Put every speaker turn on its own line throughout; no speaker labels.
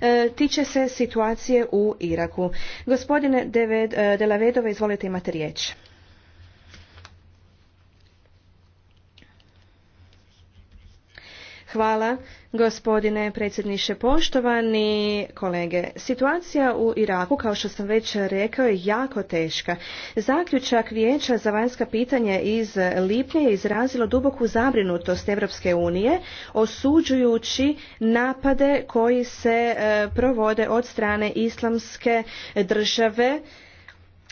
E, tiče se situacije u Iraku. Gospodine e, Delavedova, izvolite imate riječ. Hvala gospodine predsjedniče poštovani kolege. Situacija u Iraku, kao što sam već rekao, je jako teška. Zaključak Vijeća za vanjska pitanja iz lipnja je izrazilo duboku zabrinutost Evropske unije osuđujući napade koji se e, provode od strane islamske države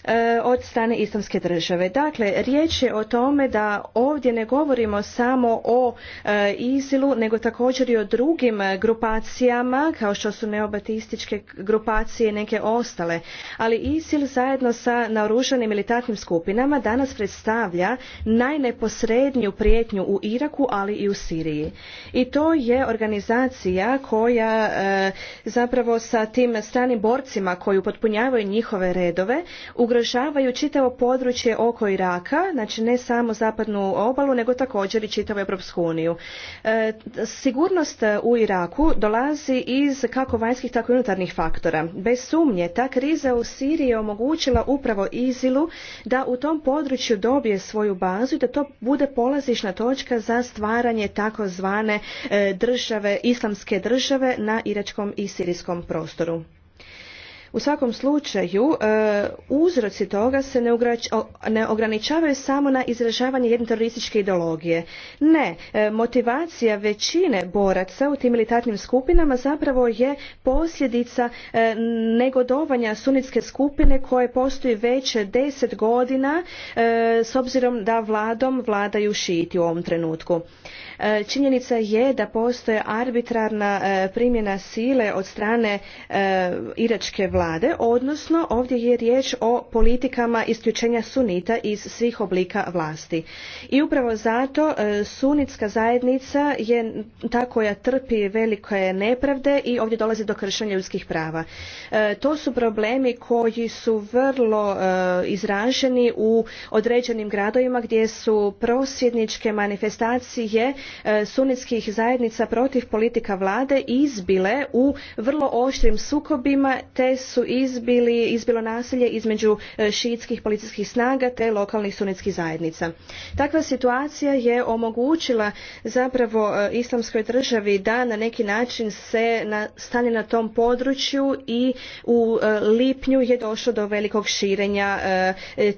E, od strane islamske države. Dakle, riječ je o tome da ovdje ne govorimo samo o e, Izilu, nego također i o drugim grupacijama, kao što su neobatističke grupacije i neke ostale. Ali Isil zajedno sa naoružanim militantnim skupinama danas predstavlja najneposredniju prijetnju u Iraku, ali i u Siriji. I to je organizacija koja e, zapravo sa tim stranim borcima koji upotpunjavaju njihove redove, u ugrožavaju čitavo područje oko Iraka, znači ne samo zapadnu obalu, nego također i čitavu Europsku uniju. E, sigurnost u Iraku dolazi iz kako vanjskih, tako i unutarnjih faktora. Bez sumnje, ta kriza u Siriji je omogućila upravo Izilu da u tom području dobije svoju bazu i da to bude polazišna točka za stvaranje takozvane e, države, islamske države na iračkom i sirijskom prostoru. U svakom slučaju, e, uzroci toga se ne ograničavaju samo na izražavanje jedne terorističke ideologije. Ne, e, motivacija većine boraca u tim militantnim skupinama zapravo je posljedica e, negodovanja sunitske skupine koje postoji već deset godina s obzirom da vladom vladaju šiti u ovom trenutku. E, činjenica je da postoje arbitrarna e, primjena sile od strane e, iračke vlade, odnosno ovdje je riječ o politikama isključenja sunita iz svih oblika vlasti. I upravo zato sunitska zajednica je ta koja trpi velike nepravde i ovdje dolazi do kršenja ljudskih prava. To su problemi koji su vrlo izraženi u određenim gradovima gdje su prosvjedničke manifestacije E, sunitskih zajednica protiv politika vlade izbile u vrlo oštrim sukobima te su izbilo nasilje između e, šiitskih policijskih snaga te lokalnih sunitskih zajednica. Takva situacija je omogućila zapravo e, islamskoj državi da na neki način se stane na tom području i u lipnju je došlo do velikog širenja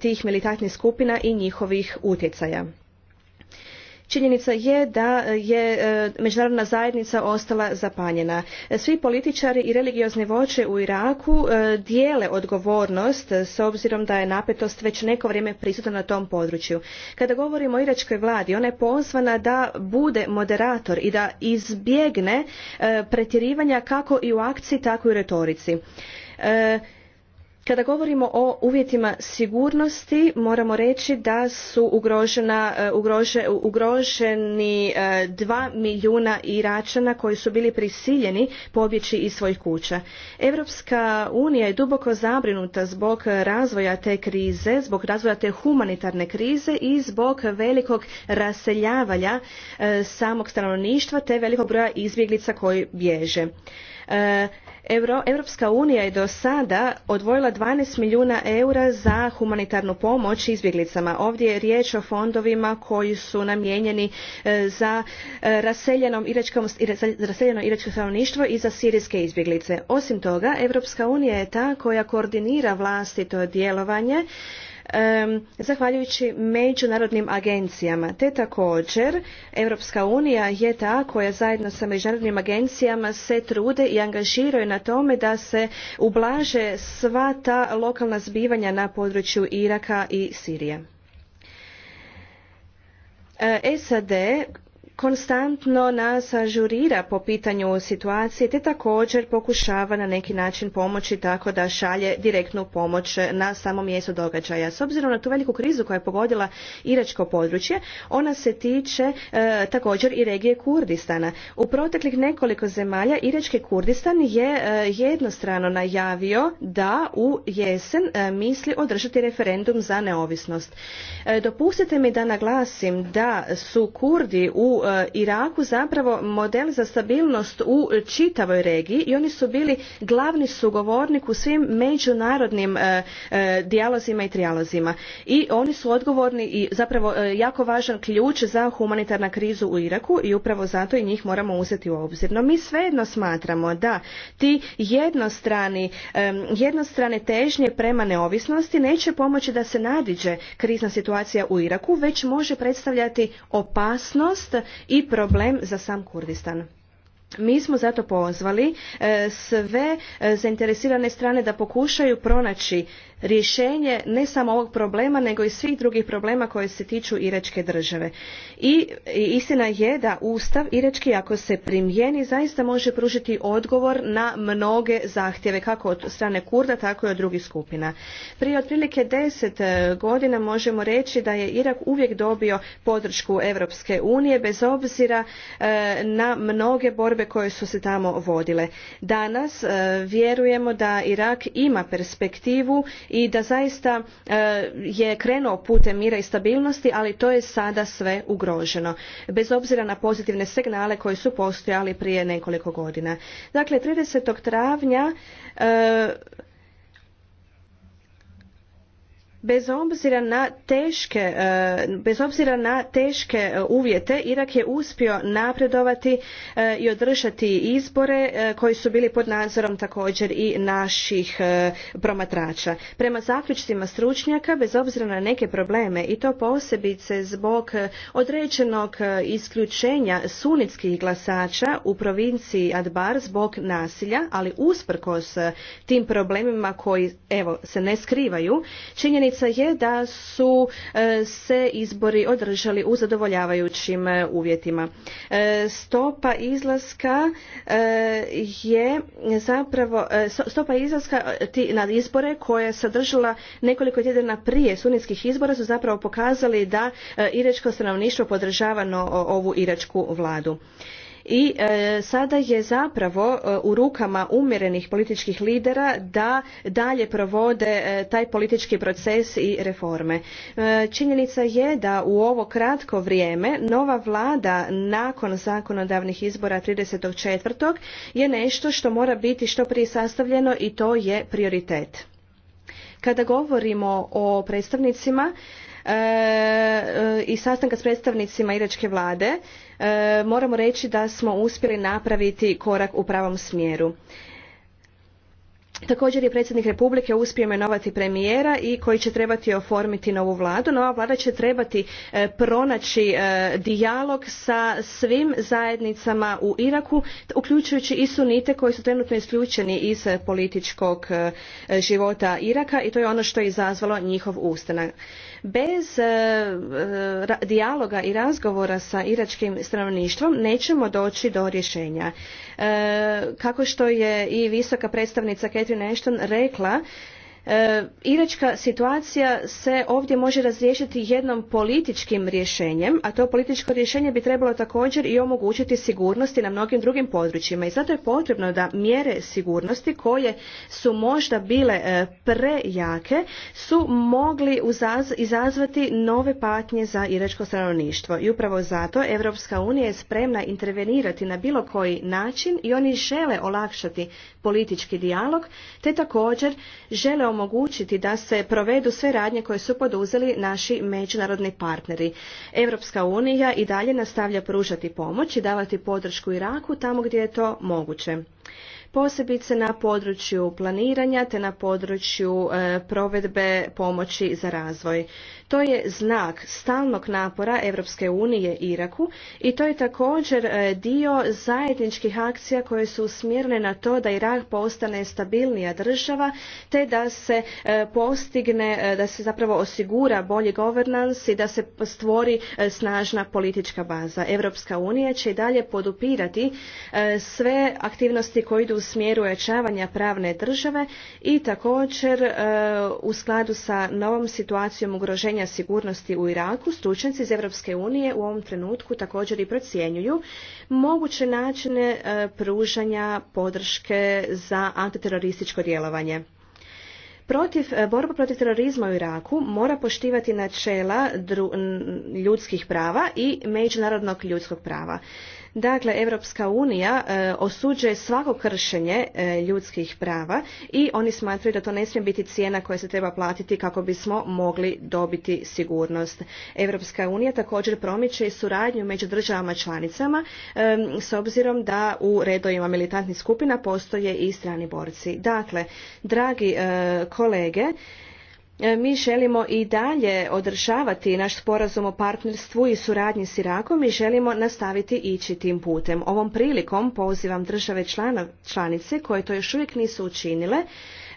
tih militantnih skupina i njihovih utjecaja. Činjenica je da e, je e, međunarodna zajednica ostala zapanjena. E, svi političari i religiozne voće u Iraku dijele odgovornost s obzirom da je napetost već neko vrijeme prisutna na tom području. Kada govorimo o iračkoj vladi, ona je pozvana da bude moderator i da izbjegne pretjerivanja kako i u akciji, tako i u retorici. Kada govorimo o uvjetima sigurnosti, moramo reći da su ugrožena, e, ugroženi e, dva milijuna Iračana koji su bili prisiljeni pobjeći iz svojih kuća. Europska unija je duboko zabrinuta zbog razvoja te krize, zbog razvoja te humanitarne krize i zbog velikog raseljavanja e, samog stanovništva te velikog broja izbjeglica koji bježe. Europska unija je do sada odvojila 12 milijuna eura za humanitarnu pomoć izbjeglicama. Ovdje je riječ o fondovima koji su namijenjeni e, e, za raseljeno iračko, raseljeno stanovništvo i za sirijske izbjeglice. Osim toga, Europska unija je ta koja koordinira vlastito djelovanje zahvaljujući međunarodnim agencijama. Te također Europska unija je ta koja zajedno sa međunarodnim agencijama se trude i angažiraju na tome da se ublaže sva ta lokalna zbivanja na području Iraka i Sirije. E, SAD konstantno nas ažurira po pitanju situacije te također pokušava na neki način pomoći tako da šalje direktnu pomoć na samo mjesto događaja. S obzirom na tu veliku krizu koja je pogodila iračko područje, ona se tiče e, također i regije Kurdistana. U proteklih nekoliko zemalja irački Kurdistan je e, jednostrano najavio da u jesen e, misli održati referendum za neovisnost. Dopustite mi da naglasim da su Kurdi u E, Iraku zapravo model za stabilnost u čitavoj regiji i oni su bili glavni sugovornik u svim međunarodnim e, e, dijalozima i trijalozima. I oni su odgovorni i zapravo jako važan ključ za humanitarnu krizu u Iraku i upravo zato i njih moramo uzeti u obzir. No mi svejedno smatramo da ti jednostrani, jednostrane težnje prema neovisnosti neće pomoći da se nadiđe krizna situacija u Iraku, već može predstavljati opasnost i problem za sam Kurdistan. Mi smo zato pozvali e, sve e, zainteresirane strane da pokušaju pronaći rješenje ne samo ovog problema nego i svih drugih problema koje se tiču iračke države. I istina je da Ustav irački ako se primijeni zaista može pružiti odgovor na mnoge zahtjeve kako od strane Kurda tako i od drugih skupina. Prije otprilike deset e, godina možemo reći da je Irak uvijek dobio podršku Europske unije bez obzira e, na mnoge borbe koje su se tamo vodile. Danas e, vjerujemo da Irak ima perspektivu i da zaista e, je krenuo putem mira i stabilnosti ali to je sada sve ugroženo bez obzira na pozitivne signale koji su postojali prije nekoliko godina. Dakle, 30. travnja e, Bez obzira na teške, e, bez obzira na teške e, uvjete, Irak je uspio napredovati e, i održati izbore koji su bili pod nadzorom također i naših promatrača. Prema zaključcima stručnjaka, bez obzira na neke probleme i to posebice zbog određenog isključenja sunitskih glasača u provinciji Adbar zbog nasilja, ali usprkos tim problemima koji evo se ne skrivaju, činjenica Činjenica je da su e, se izbori održali u zadovoljavajućim e, uvjetima. E, stopa izlaska je zapravo stopa izlaska na izbore koje je sadržala nekoliko tjedana prije sunetskih izbora su zapravo pokazali da iračko stanovništvo podržava ovu iračku vladu i e, sada je zapravo e, u rukama umjerenih političkih lidera da dalje provode e, taj politički proces i reforme. Činjenica je da u ovo kratko vrijeme nova vlada nakon zakonodavnih izbora 34. je nešto što mora biti što prije sastavljeno i to je prioritet. Kada govorimo o predstavnicima i sastanka s predstavnicima iračke vlade, E, moramo reći da smo uspjeli napraviti korak u pravom smjeru. Također je predsjednik Republike uspio imenovati premijera i koji će trebati oformiti novu vladu. Nova vlada će trebati e, pronaći e, dijalog sa svim zajednicama u Iraku, uključujući i sunite koji su trenutno isključeni iz političkog života Iraka i to je ono što je izazvalo njihov ustanak. Bez e, dijaloga i razgovora sa iračkim stanovništvom nećemo doći do rješenja. E, kako što je i visoka predstavnica Catherine Ashton rekla, E, iračka situacija se ovdje može razriješiti jednom političkim rješenjem, a to političko rješenje bi trebalo također i omogućiti sigurnosti na mnogim drugim područjima i zato je potrebno da mjere sigurnosti koje su možda bile e, prejake su mogli izazvati nove patnje za iračko stanovništvo i upravo zato Europska unija je spremna intervenirati na bilo koji način i oni žele olakšati politički dijalog te također žele omogućiti da se provedu sve radnje koje su poduzeli naši međunarodni partneri. Europska unija i dalje nastavlja pružati pomoć i davati podršku Iraku tamo gdje je to moguće posebice na području planiranja te na području e, provedbe pomoći za razvoj. To je znak stalnog napora Europske unije Iraku i to je također e, dio zajedničkih akcija koje su usmjerene na to da Irak postane stabilnija država te da se e, postigne, e, da se zapravo osigura bolji governance i da se stvori snažna politička baza. Europska unija će i dalje podupirati sve aktivnosti koje idu u smjeru ojačavanja pravne države i također u skladu sa novom situacijom ugroženja pitanja sigurnosti u Iraku, stručnjaci iz Europske unije u ovom trenutku također i procjenjuju moguće načine e, pružanja podrške za antiterorističko djelovanje. Protiv, e, borba protiv terorizma u Iraku mora poštivati načela ljudskih prava i međunarodnog ljudskog prava. Dakle, Europska unija e, osuđuje svako kršenje e, ljudskih prava i oni smatraju da to ne smije biti cijena koja se treba platiti kako bismo mogli dobiti sigurnost. Europska unija također promiče i suradnju među državama članicama e, s obzirom da u redovima militantnih skupina postoje i strani borci. Dakle, dragi kolege, E, mi želimo i dalje održavati naš sporazum o partnerstvu i suradnji s Irakom i želimo nastaviti ići tim putem. Ovom prilikom pozivam države članice koje to još uvijek nisu učinile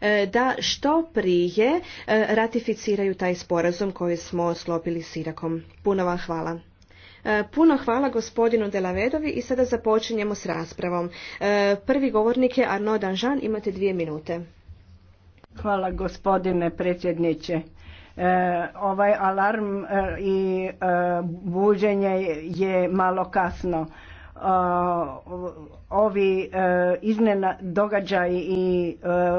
e, da što prije e, ratificiraju taj sporazum koji smo sklopili s Irakom. Puno vam hvala. Puno hvala gospodinu Delavedovi i sada započinjemo s raspravom. Prvi govornik je Arnaud Danžan, imate dvije minute. Hvala gospodine predsjedniče. E,
ovaj alarm e, i e, buđenje je malo kasno. ovi iznena događaji i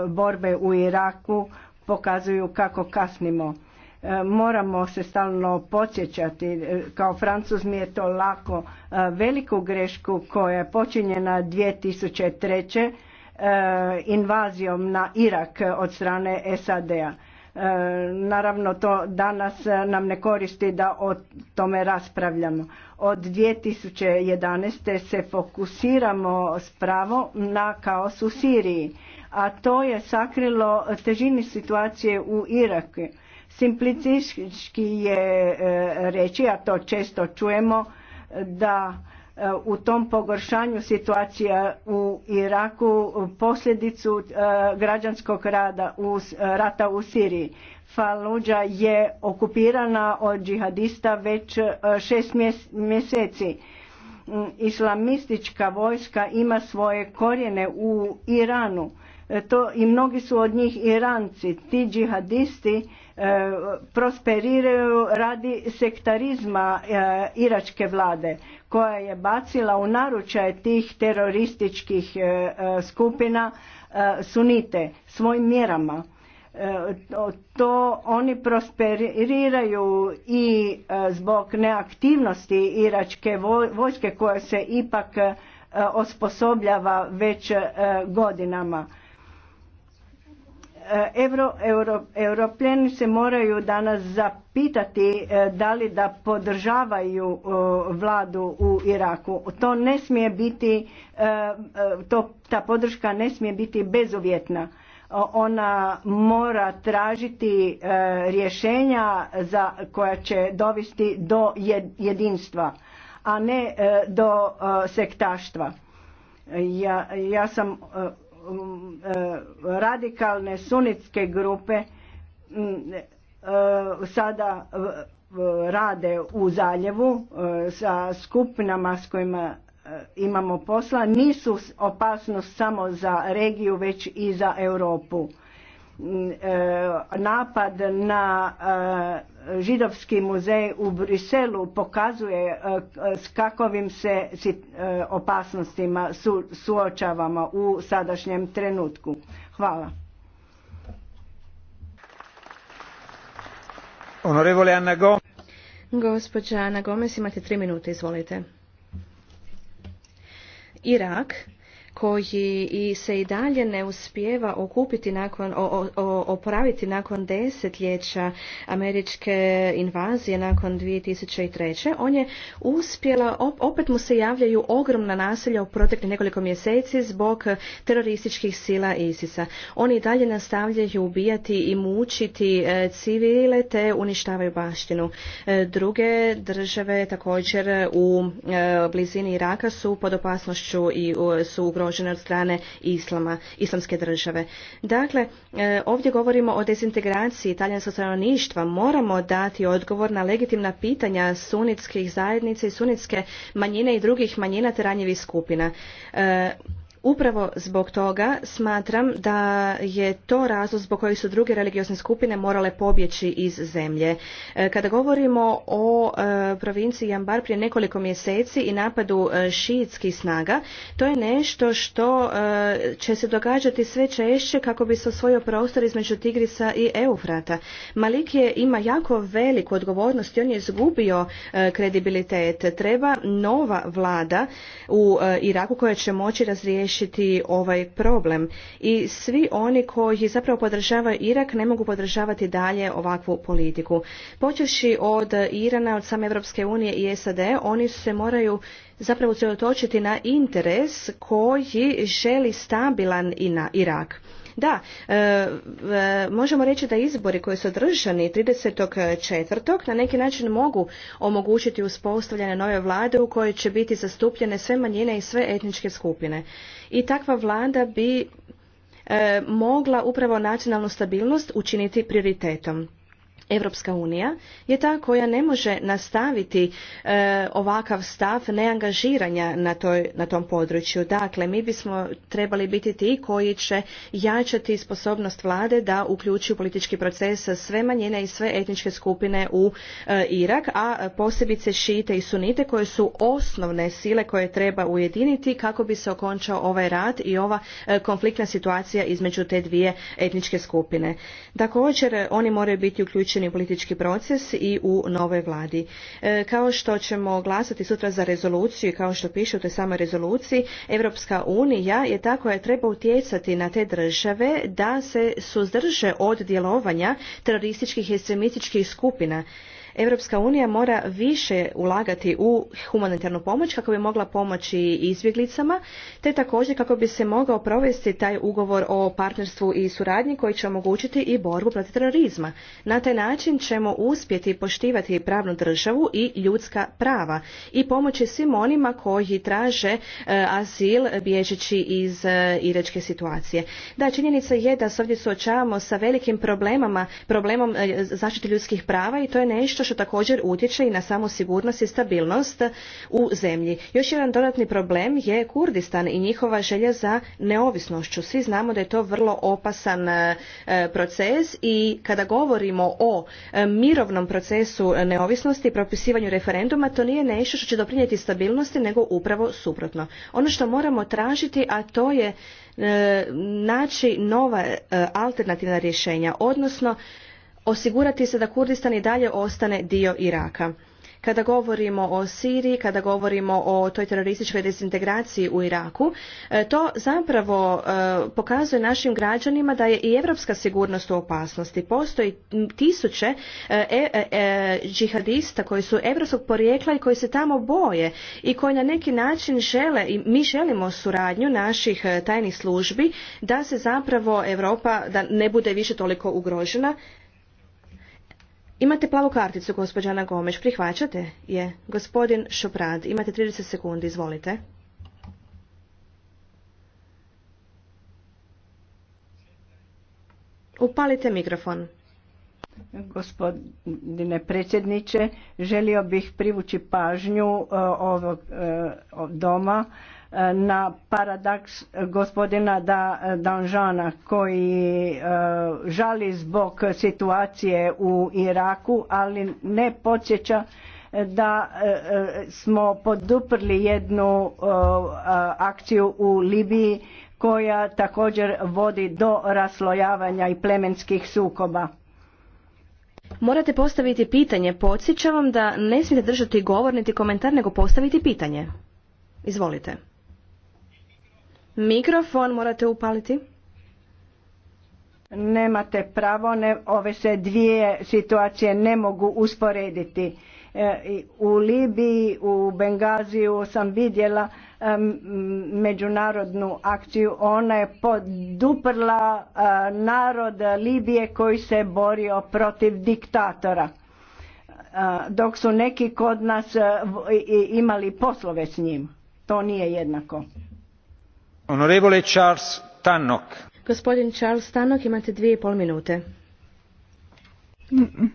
borbe u Iraku pokazuju kako kasnimo. Moramo se stalno podsjećati, kao francuz mi je to lako, veliku grešku koja je počinjena 2003 Eh, invazijom na Irak od strane SAD-a. Eh, naravno to danas nam ne koristi da o tome raspravljamo. Od 2011. se fokusiramo spravo na kaos u Siriji, a to je sakrilo težini situacije u Iraku. Simplicički je eh, reći, a to često čujemo, da u tom pogoršanju situacija u Iraku posljedicu e, građanskog rada, rata u Siriji. Faluđa je okupirana od džihadista već e, šest mjeseci. Mm, islamistička vojska ima svoje korijene u Iranu E, to i mnogi su od njih Iranci. Ti džihadisti e, prosperiraju radi sektarizma e, iračke vlade koja je bacila u naručaj tih terorističkih skupina sunite svojim mjerama. To, to oni prosperiraju i zbog neaktivnosti iračke vojske koja se ipak osposobljava već godinama E, euro, euro, europljeni se moraju danas zapitati e, da li da podržavaju vladu u Iraku. To ne smije biti, e, to, ta podrška ne smije biti bezuvjetna. Ona mora tražiti rješenja za koja će dovesti do jedinstva, a ne do sektaštva. Ja, ja sam E, radikalne sunitske grupe e, sada rade u zaljevu e, sa skupinama s kojima imamo posla nisu opasnost samo za regiju već i za Europu Mm, e, napad na e, židovski muzej u Briselu pokazuje e, s kakovim se opasnostima suočavamo u sadašnjem trenutku.
Hvala.
Onorevole Anna Gomes.
Gospođa Gomes, imate tri minute, izvolite. Irak koji i se i dalje ne uspijeva okupiti nakon, opraviti nakon desetljeća američke invazije nakon 2003. On je uspjela, opet mu se javljaju ogromna naselja u proteklih nekoliko mjeseci zbog terorističkih sila ISIS-a. Oni i dalje nastavljaju ubijati i mučiti e, civile te uništavaju baštinu. E, druge države također u e, blizini Iraka su pod opasnošću i su ugrožene ugrožene od strane islama, islamske države. Dakle, e, ovdje govorimo o dezintegraciji talijanskog stanovništva. Moramo dati odgovor na legitimna pitanja sunitskih zajednica i sunitske manjine i drugih manjina te ranjivih skupina. E, upravo zbog toga smatram da je to razlog zbog kojih su druge religiozne skupine morale pobjeći iz zemlje. E, kada govorimo o provinciji Jambar prije nekoliko mjeseci i napadu e, šijitskih snaga. To je nešto što e, će se događati sve češće kako bi se osvojio prostor između Tigrisa i Eufrata. Malik je ima jako veliku odgovornost i on je izgubio e, kredibilitet. Treba nova vlada u Iraku koja će moći razriješiti ovaj problem. I svi oni koji zapravo podržavaju Irak ne mogu podržavati dalje ovakvu politiku. Počeši od Irana, od same Evropske Europske unije i SAD, oni se moraju zapravo usredotočiti na interes koji želi stabilan i Irak. Da, e, možemo reći da izbori koji su održani 34. na neki način mogu omogućiti uspostavljanje nove vlade u kojoj će biti zastupljene sve manjine i sve etničke skupine. I takva vlada bi e, mogla upravo nacionalnu stabilnost učiniti prioritetom. Europska unija je ta koja ne može nastaviti e, ovakav stav neangažiranja na, toj, na tom području. Dakle, mi bismo trebali biti ti koji će jačati sposobnost vlade da uključi u politički proces sve manjine i sve etničke skupine u e, Irak, a posebice šite i sunite koje su osnovne sile koje treba ujediniti kako bi se okončao ovaj rat i ova e, konfliktna situacija između te dvije etničke skupine. Također, oni moraju biti uključeni politički proces i u novoj vladi. E, kao što ćemo glasati sutra za rezoluciju i kao što piše u toj samoj rezoluciji, Europska unija je ta koja treba utjecati na te države da se suzdrže od djelovanja terorističkih i ekstremističkih skupina Europska unija mora više ulagati u humanitarnu pomoć kako bi mogla pomoći izbjeglicama, te također kako bi se mogao provesti taj ugovor o partnerstvu i suradnji koji će omogućiti i borbu protiv terorizma. Na taj način ćemo uspjeti poštivati pravnu državu i ljudska prava i pomoći svim onima koji traže e, azil bježeći iz e, iračke situacije. Da, činjenica je da se ovdje suočavamo sa velikim problemama, problemom e, zaštite ljudskih prava i to je nešto što također utječe i na samu sigurnost i stabilnost u zemlji. Još jedan dodatni problem je Kurdistan i njihova želja za neovisnošću. Svi znamo da je to vrlo opasan e, proces i kada govorimo o e, mirovnom procesu neovisnosti i propisivanju referenduma, to nije nešto što će doprinijeti stabilnosti, nego upravo suprotno. Ono što moramo tražiti, a to je e, naći nova alternativna rješenja, odnosno osigurati se da Kurdistan i dalje ostane dio Iraka. Kada govorimo o Siriji, kada govorimo o toj terorističkoj dezintegraciji u Iraku, e, to zapravo e, pokazuje našim građanima da je i europska sigurnost u opasnosti. Postoji tisuće e, džihadista koji su europskog porijekla i koji se tamo boje i koji na neki način žele i mi želimo suradnju naših tajnih službi da se zapravo Europa da ne bude više toliko ugrožena Imate plavu karticu, gospođa Ana Gomeš. Prihvaćate je. Gospodin Šoprad, imate 30 sekundi, izvolite. Upalite mikrofon. Gospodine
predsjedniče, želio bih privući pažnju e, ovog e, doma na paradaks gospodina eh, Danžana koji eh, žali zbog situacije u Iraku, ali ne podsjeća eh, da smo poduprli jednu akciju u Libiji koja također vodi do raslojavanja i plemenskih sukoba.
Morate postaviti pitanje. Podsjećam vam da ne smijete držati govor niti komentar, nego postaviti pitanje. Izvolite. Mikrofon morate upaliti.
Nemate pravo, ne, ove se dvije situacije ne mogu usporediti. E, u Libiji, u Bengaziju sam vidjela međunarodnu akciju. Ona je poduprla e, narod Libije koji se borio protiv diktatora. E, dok su neki kod nas imali poslove s njim. To nije jednako.
Onorevole Charles Tannock. Gospodin Charles Tannock, imate dvije i pol minute.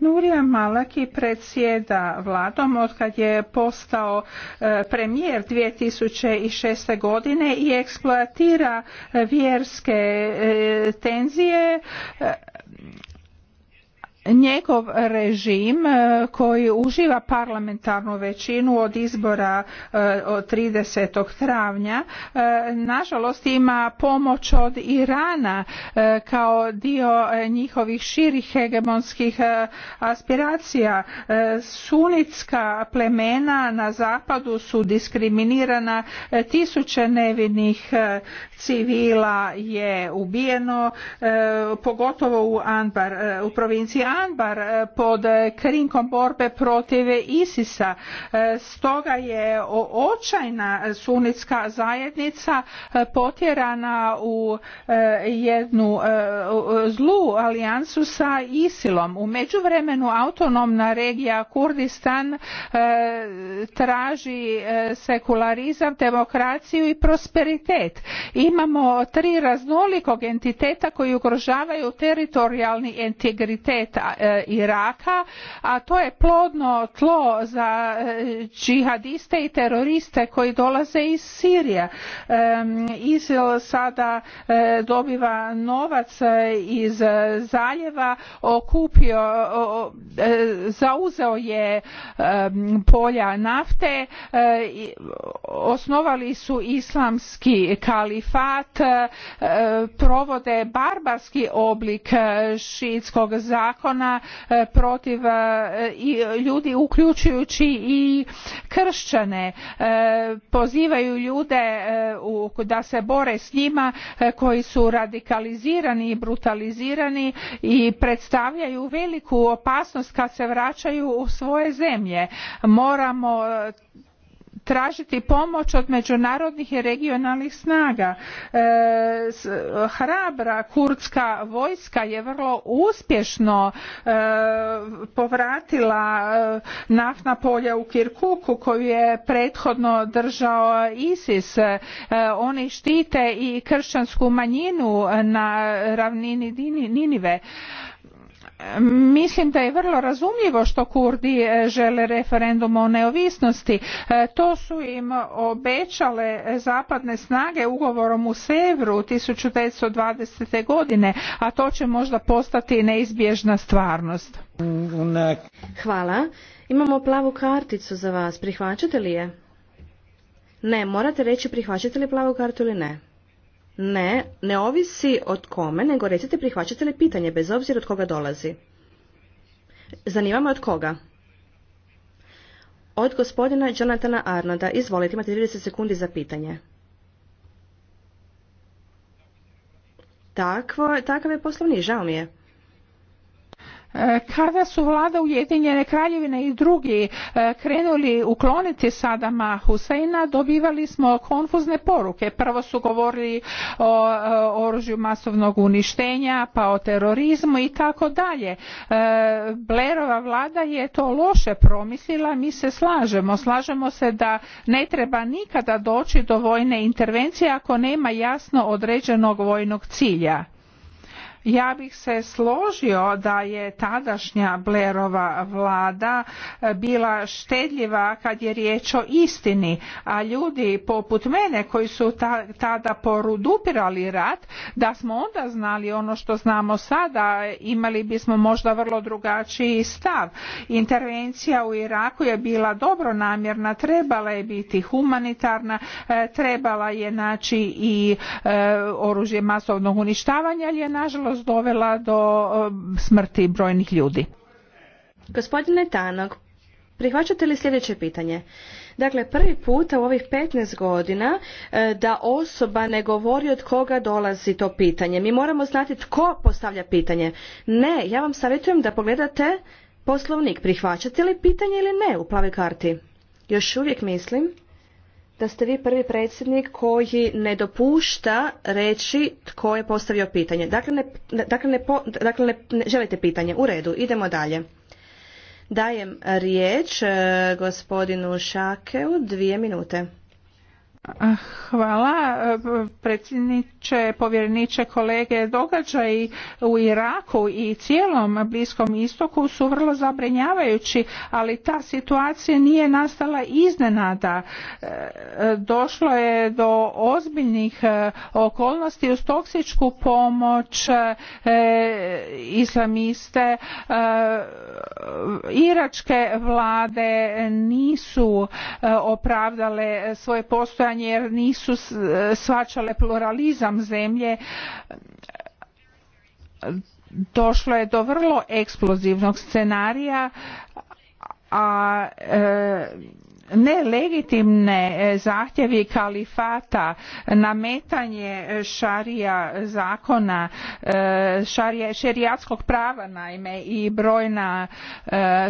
Nurija Malaki predsjeda vladom otkad je postao e, premijer 2006. godine i eksploatira e, vjerske e, tenzije njegov režim e, koji uživa parlamentarnu većinu od izbora e, od 30. travnja e, nažalost ima pomoć od Irana kao dio njihovih širih hegemonskih aspiracija sunitska plemena na zapadu su diskriminirana tisuće nevinih civila je ubijeno pogotovo u Anbar u provinciji Anbar e, pod e, krinkom borbe protiv Isisa. E, stoga je očajna sunitska zajednica potjerana u jednu zlu alijansu sa Isilom. U međuvremenu autonomna regija Kurdistan traži sekularizam, demokraciju i prosperitet. Imamo tri raznolikog entiteta koji ugrožavaju teritorijalni integritet E, Iraka, a to je plodno tlo za e, džihadiste i teroriste koji dolaze iz Sirije. ISIL sada e, dobiva novac iz zaljeva, okupio, zauzeo je polja nafte, osnovali su islamski kalifat, provode barbarski oblik šiitskog zakona, muslimana e, protiv e, ljudi uključujući i kršćane e, pozivaju ljude da se bore s njima koji su radikalizirani i brutalizirani i predstavljaju veliku opasnost kad se vraćaju u svoje zemlje moramo tražiti pomoć od međunarodnih i regionalnih snaga. E, hrabra kurdska vojska je vrlo uspješno e, povratila e, naftna polja u Kirkuku koju je prethodno držao ISIS. Oni štite i kršćansku manjinu na ravnini Ninive. Mislim da je vrlo razumljivo što Kurdi e, žele referendum o neovisnosti. E, to su im obećale zapadne snage ugovorom u Sevru 1920. godine, a to će možda postati neizbježna stvarnost. Hvala. Imamo plavu karticu za vas. Prihvaćate li je? Ne,
morate reći prihvaćate li plavu kartu ili ne. Ne, ne ovisi od kome, nego recite prihvaćate li pitanje, bez obzira od koga dolazi. Zanima me od koga? Od gospodina Jonathana Arnoda. Izvolite, imate 30 sekundi za pitanje. Takvo, takav je poslovni, žao
mi je. E, kada su vlada Ujedinjene kraljevine i drugi e, krenuli ukloniti Sadama Huseina, dobivali smo konfuzne poruke. Prvo su govorili o e, oružju masovnog uništenja, pa o terorizmu i tako dalje. Blerova vlada je to loše promislila, mi se slažemo. Slažemo se da ne treba nikada doći do vojne intervencije ako nema jasno određenog vojnog cilja ja bih se složio da je tadašnja Blerova vlada eh, bila štedljiva kad je riječ o istini, a ljudi poput mene koji su tada porudupirali rat, da smo onda znali ono što znamo sada, imali bismo možda vrlo drugačiji stav. Intervencija u Iraku je bila dobro namjerna, trebala je biti humanitarna, eh, trebala je naći i eh, oružje masovnog uništavanja, ali je nažalost nažalost dovela do um, smrti brojnih ljudi. Gospodine
Tanog, prihvaćate li sljedeće pitanje? Dakle, prvi puta u ovih 15 godina e, da osoba ne govori od koga dolazi to pitanje. Mi moramo znati tko postavlja pitanje. Ne, ja vam savjetujem da pogledate poslovnik. Prihvaćate li pitanje ili ne u plavoj karti? Još uvijek mislim da ste vi prvi predsjednik koji ne dopušta reći tko je postavio pitanje. Dakle, ne, dakle, dakle ne, želite pitanje. U redu, idemo dalje. Dajem riječ e, gospodinu Šakeu dvije minute.
Ah, hvala predsjedniče, povjereniče, kolege. Događaji u Iraku i cijelom Bliskom istoku su vrlo zabrinjavajući, ali ta situacija nije nastala iznenada. E, došlo je do ozbiljnih e, okolnosti uz toksičku pomoć e, islamiste. Iračke vlade nisu opravdale svoje postoje pitanje jer nisu e, shvaćale pluralizam zemlje došlo je do vrlo eksplozivnog scenarija a e, nelegitimne e, zahtjevi kalifata nametanje e, šarija zakona e, šarija, šerijatskog prava naime i brojna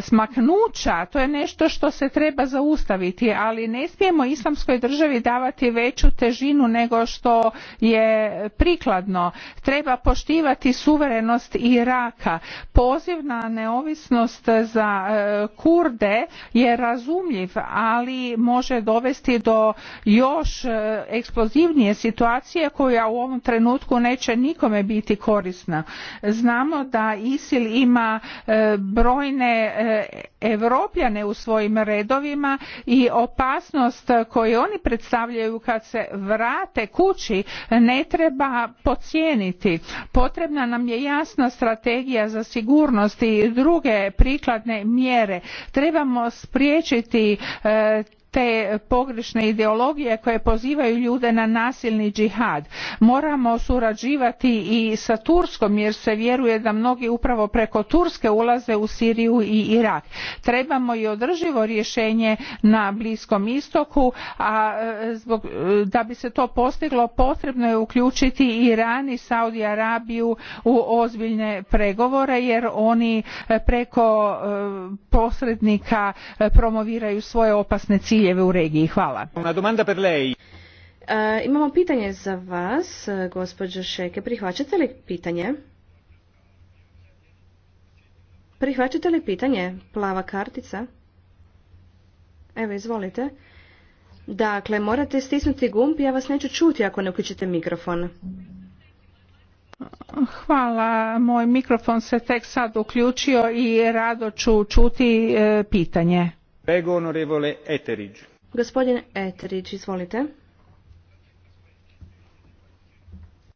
smaknuća to je nešto što se treba zaustaviti ali ne smijemo islamskoj državi davati veću težinu nego što je prikladno treba poštivati suverenost Iraka poziv na neovisnost za kurde je razumljiv a ali može dovesti do još e, eksplozivnije situacije koja u ovom trenutku neće nikome biti korisna. Znamo da ISIL ima e, brojne europljane u svojim redovima i opasnost koju oni predstavljaju kad se vrate kući ne treba podcijeniti. Potrebna nam je jasna strategija za sigurnost i druge prikladne mjere. Trebamo spriječiti e, e te pogrešne ideologije koje pozivaju ljude na nasilni džihad. Moramo surađivati i sa Turskom jer se vjeruje da mnogi upravo preko Turske ulaze u Siriju i Irak. Trebamo i održivo rješenje na Bliskom istoku, a e, zbog, e, da bi se to postiglo potrebno je uključiti Iran i Saudi Arabiju u ozbiljne pregovore jer oni e, preko posrednika promoviraju svoje opasne cilje ciljeve u regiji. Hvala. E, imamo pitanje za vas, e, gospođo Šeke. Prihvaćate li
pitanje? Prihvaćate li pitanje? Plava kartica. Evo, izvolite. Dakle, morate stisnuti gumb, ja vas neću čuti ako ne uključite mikrofon.
Hvala, moj mikrofon se tek sad uključio i rado ću čuti e, pitanje. Prego, onorevole Eterić. Gospodin Eterić, izvolite.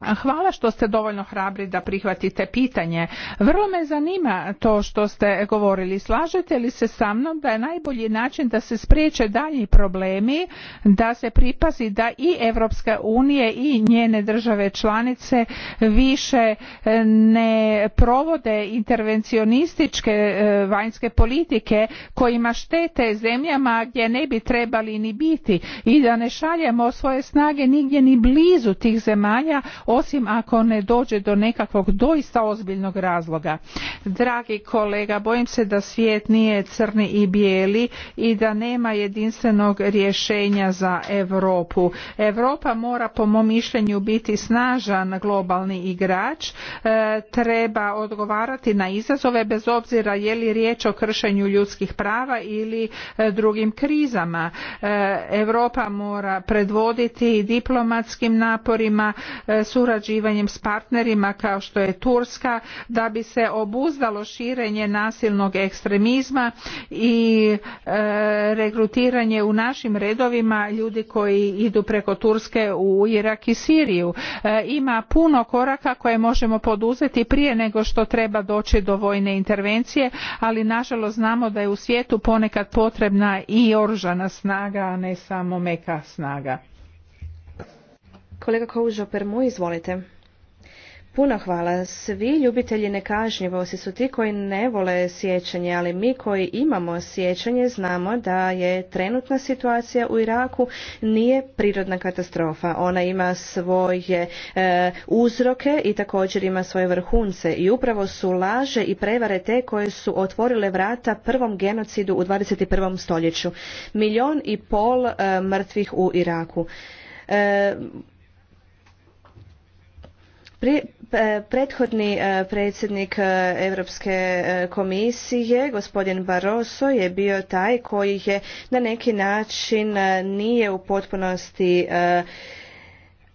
Hvala što ste dovoljno hrabri da prihvatite pitanje. Vrlo me zanima to što ste govorili. Slažete li se sa mnom da je najbolji način da se spriječe dalji problemi, da se pripazi da i Europska unija i njene države članice više e, ne provode intervencionističke e, vanjske politike kojima štete zemljama gdje ne bi trebali ni biti i da ne šaljemo svoje snage nigdje ni blizu tih zemalja osim ako ne dođe do nekakvog doista ozbiljnog razloga. Dragi kolega, bojim se da svijet nije crni i bijeli i da nema jedinstvenog rješenja za Europu. Europa mora po mom mišljenju biti snažan globalni igrač, e, treba odgovarati na izazove bez obzira je li riječ o kršenju ljudskih prava ili e, drugim krizama. E, Europa mora predvoditi diplomatskim naporima, su surađivanjem s partnerima kao što je Turska da bi se obuzdalo širenje nasilnog ekstremizma i e, regrutiranje u našim redovima ljudi koji idu preko Turske u Irak i Siriju. E, ima puno koraka koje možemo poduzeti prije nego što treba doći do vojne intervencije, ali nažalost znamo da je u svijetu ponekad potrebna i oružana snaga, a ne samo meka snaga.
Kolega Koužo Permu,
izvolite. Puno hvala.
Svi ljubitelji nekažnjivosti su ti koji ne vole sjećanje, ali mi koji imamo sjećanje znamo da je trenutna situacija u Iraku nije prirodna katastrofa. Ona ima svoje e, uzroke i također ima svoje vrhunce. I upravo su laže i prevare te koje su otvorile vrata prvom genocidu u 21. stoljeću. Milion i pol e, mrtvih u Iraku. E, E, prethodni e, predsjednik e, Europske komisije, gospodin Barroso, je bio taj koji je na neki način nije u potpunosti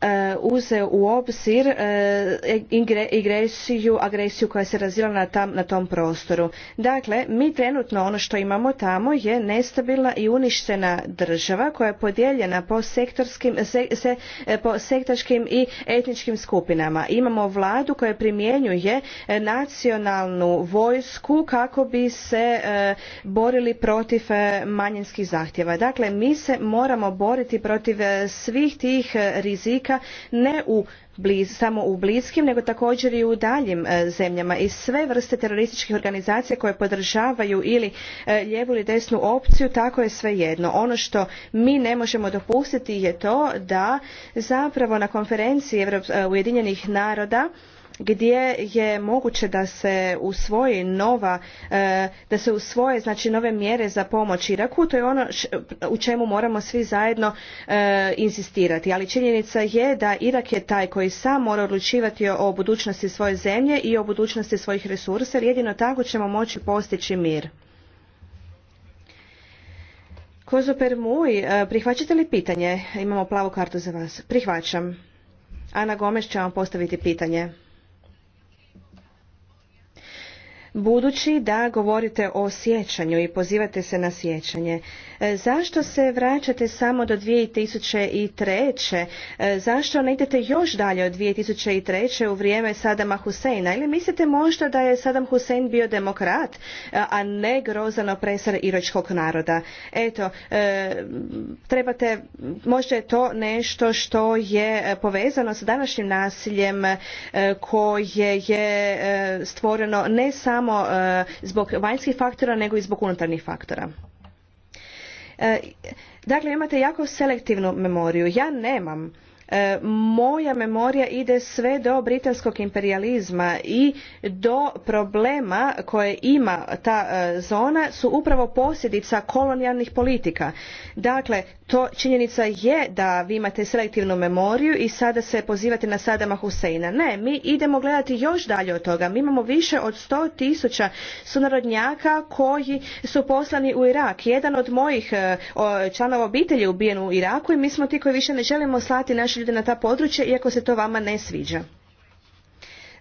Uh, uzeo u obzir uh, igresiju, agresiju koja se razvila na, tom prostoru. Dakle, mi trenutno ono što imamo tamo je nestabilna i uništena država koja je podijeljena po, sektorskim, eh, po sektaškim i etničkim skupinama. Imamo vladu koja primjenjuje eh, nacionalnu vojsku kako bi se eh, borili protiv manjinskih zahtjeva. Dakle, mi se moramo boriti protiv svih tih rizika ne samo u bliskim nego također i u daljim e, zemljama i sve vrste terorističkih organizacija koje podržavaju ili e, lijevu ili desnu opciju tako je svejedno. Ono što mi ne možemo dopustiti je to da zapravo na konferenciji e, Ujedinjenih naroda gdje je moguće da se usvoji nova, e, da se usvoje znači nove mjere za pomoć Iraku, to je ono š, u čemu moramo svi zajedno e, inzistirati. Ali činjenica je da Irak je taj koji sam mora odlučivati o budućnosti svoje zemlje i o budućnosti svojih resursa jer jedino tako ćemo moći postići mir. Kozo Permuj, e, prihvaćate li pitanje? Imamo plavu kartu za vas. Prihvaćam. Ana Gomes će vam postaviti pitanje. Budući da govorite o sjećanju i pozivate se na sjećanje, e, zašto se vraćate samo do 2003. E, zašto ne idete još dalje od 2003. u vrijeme Sadama Huseina? Ili mislite možda da je Sadam Husein bio demokrat, e, a ne grozano presar iračkog naroda? Eto, trebate, možda je to nešto što je povezano sa današnjim nasiljem koje je stvoreno ne samo samo e, zbog vanjskih faktora nego i zbog unutarnjih faktora. E, dakle, imate jako selektivnu memoriju. Ja nemam E, moja memorija ide sve do britanskog imperijalizma i do problema koje ima ta e, zona su upravo posljedica kolonijalnih politika. Dakle, to činjenica je da vi imate selektivnu memoriju i sada se pozivate na Sadama Huseina. Ne, mi idemo gledati još dalje od toga. Mi imamo više od sto tisuća sunarodnjaka koji su poslani u Irak. Jedan od mojih e, članova obitelji je ubijen u Iraku i mi smo ti koji više ne želimo slati naš ljude na ta područja iako se to vama ne sviđa.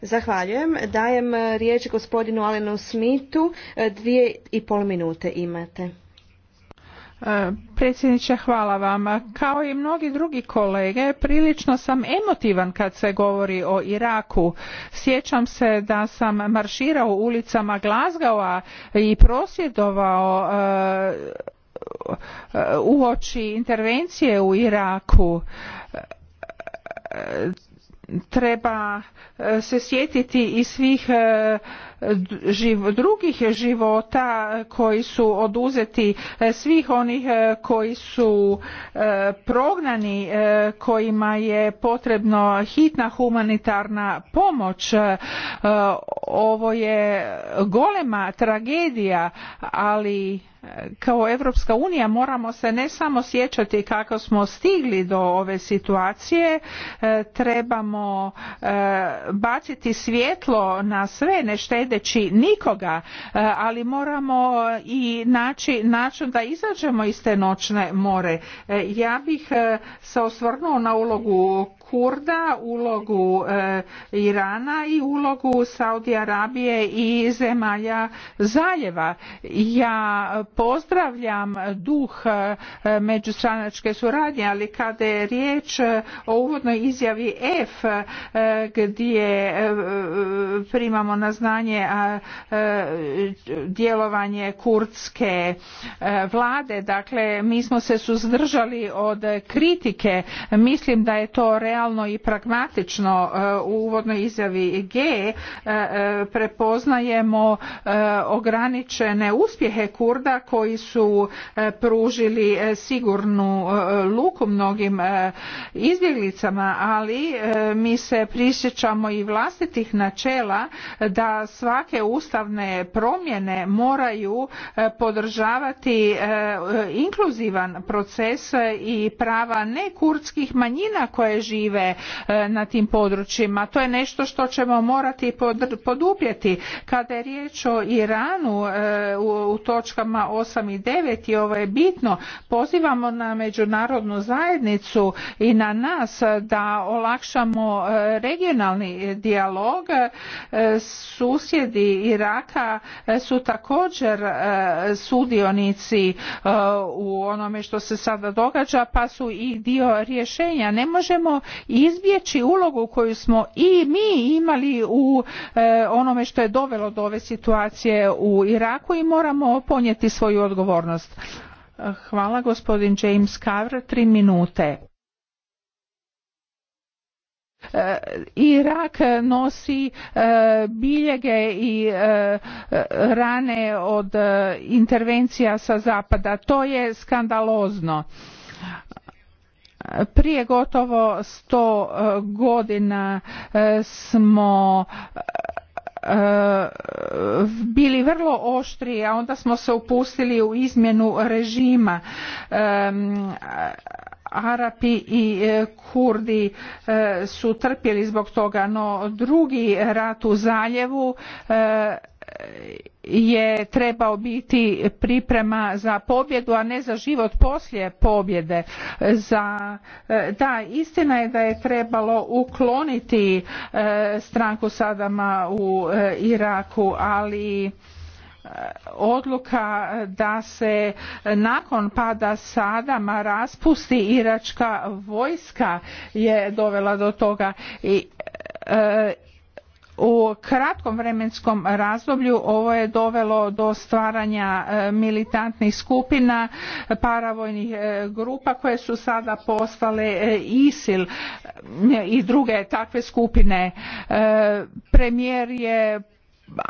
Zahvaljujem. Dajem e, riječ gospodinu Alenu Smitu. E, dvije i pol minute
imate. E, predsjedniče, hvala vam. Kao i mnogi drugi kolege, prilično sam emotivan kad se govori o Iraku. Sjećam se da sam marširao ulicama Glazgava i prosvjedovao uoči intervencije u Iraku treba e, se sjetiti i svih e, drugih života koji su oduzeti e, svih onih e, koji su e, prognani kojima je potrebno hitna humanitarna pomoć ovo je golema tragedija ali kao europska unija moramo se ne samo sjećati kako smo stigli do ove situacije trebamo baciti svjetlo na sve ne štedeći nikoga, e, ali moramo i naći način da izađemo iz te noćne more. E, ja bih e, se osvrnuo na ulogu Kurda, ulogu e, Irana i ulogu Saudi Arabije i zemalja zaljeva. Ja pozdravljam duh e, međustranačke suradnje, ali kada je riječ o uvodnoj izjavi F e, gdje primamo na znanje djelovanje kurdske vlade, dakle mi smo se suzdržali od kritike, mislim da je to realno realno i pragmatično e, u uvodnoj izjavi G e, e, prepoznajemo ograničene uspjehe Kurda koji su pružili sigurnu luku mnogim izbjeglicama, ali mi se prisjećamo i vlastitih načela da svake ustavne promjene moraju podržavati inkluzivan proces i prava nekurdskih manjina koje žive žive e, na tim područjima. To je nešto što ćemo morati poduprijeti. Kada je riječ o Iranu e, u točkama 8 i 9 i ovo je bitno, pozivamo na međunarodnu zajednicu i na nas da olakšamo e, regionalni dijalog. Susjedi Iraka su također sudionici u onome što se sada događa pa su i dio rješenja. Ne možemo izbjeći ulogu koju smo i mi imali u e, onome što je dovelo do ove situacije u Iraku i moramo ponijeti svoju odgovornost. Hvala gospodin James Carver, tri minute. E, Irak nosi e, biljege i rane od intervencija sa zapada. To je skandalozno prije gotovo sto e, godina e, smo e, bili vrlo oštri, a onda smo se upustili u izmjenu režima. Arapi i Kurdi su trpjeli zbog toga, no drugi rat u zaljevu je trebao biti priprema za pobjedu a ne za život poslije pobjede za e, da istina je da je trebalo ukloniti e, stranku Sadama u e, Iraku ali odluka da se nakon pada Sadama raspusti iračka vojska je dovela do toga i u kratkom vremenskom razdoblju ovo je dovelo do stvaranja e, militantnih skupina paravojnih e, grupa koje su sada postale e, isil i druge takve skupine premijer je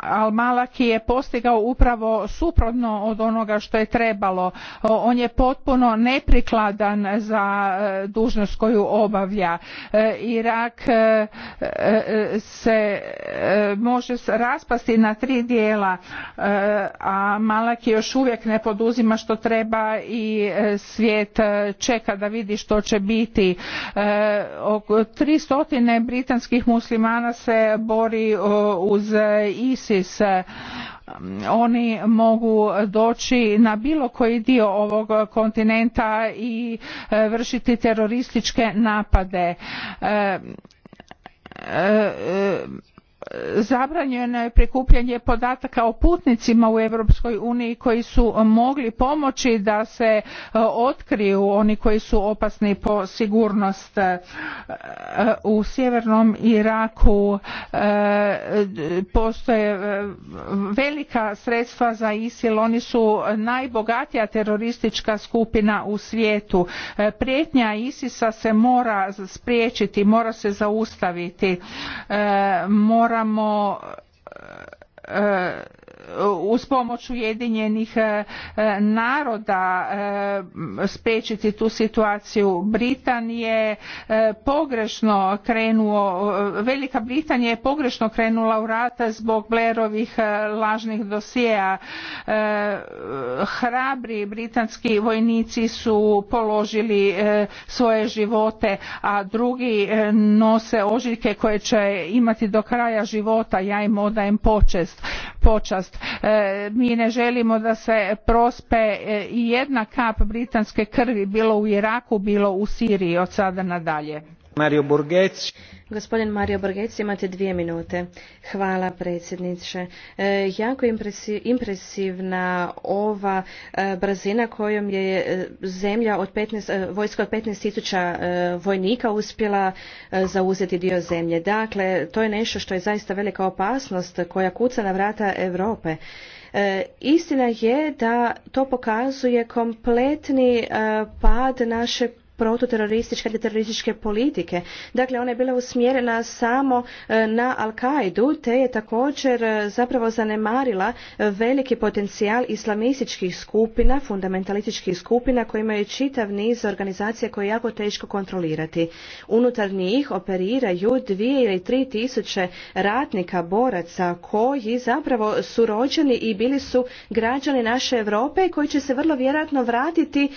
Al-Malaki je postigao upravo suprotno od onoga što je trebalo. On je potpuno neprikladan za e, dužnost koju obavlja. E, Irak e, se može raspasti na tri dijela, a Malaki još uvijek ne poduzima što treba i svijet čeka da vidi što će biti. Oko 300 britanskih muslimana se bori uz ISIS. E, oni mogu doći na bilo koji dio ovog kontinenta i e, vršiti terorističke napade e, zabranjeno je prikupljanje podataka o putnicima u europskoj uniji koji su mogli pomoći da se e, otkriju oni koji su opasni po sigurnost e, u sjevernom iraku e, postoje velika sredstva za isil oni su najbogatija teroristička skupina u svijetu prijetnja isisa se mora spriječiti mora se zaustaviti mora moramo e, e, uz pomoć Ujedinjenih e, naroda e, spriječiti tu situaciju. Britan je e, pogrešno krenuo, Velika Britanija je pogrešno krenula u rat zbog Blairovih lažnih dosijeja. Hrabri britanski vojnici su položili svoje živote, a drugi nose ožiljke koje će imati do kraja života. Ja im odajem počest. počast E, mi ne želimo da se prospe e, i jedna kap britanske krvi bilo u Iraku bilo u Siriji od sada nadalje Gospodin Mario Borgec, imate dvije minute.
Hvala predsjedniče. E, jako impresivna ova e, brzina kojom je e, zemlja od 15, vojska od 15 tisuća vojnika uspjela zauzeti dio zemlje. Dakle, to je nešto što je zaista velika opasnost koja kuca na vrata Europe. istina je da to pokazuje kompletni pad naše protuterorističke, terorističke politike. Dakle, ona je bila usmjerena samo e, na Al-Kaidu, te je također e, zapravo zanemarila e, veliki potencijal islamističkih skupina, fundamentalističkih skupina koji imaju čitav niz organizacija koje je jako teško kontrolirati. Unutar njih operiraju dvije ili tri tisuće ratnika, boraca koji zapravo su rođeni i bili su građani naše Europe i koji će se vrlo vjerojatno vratiti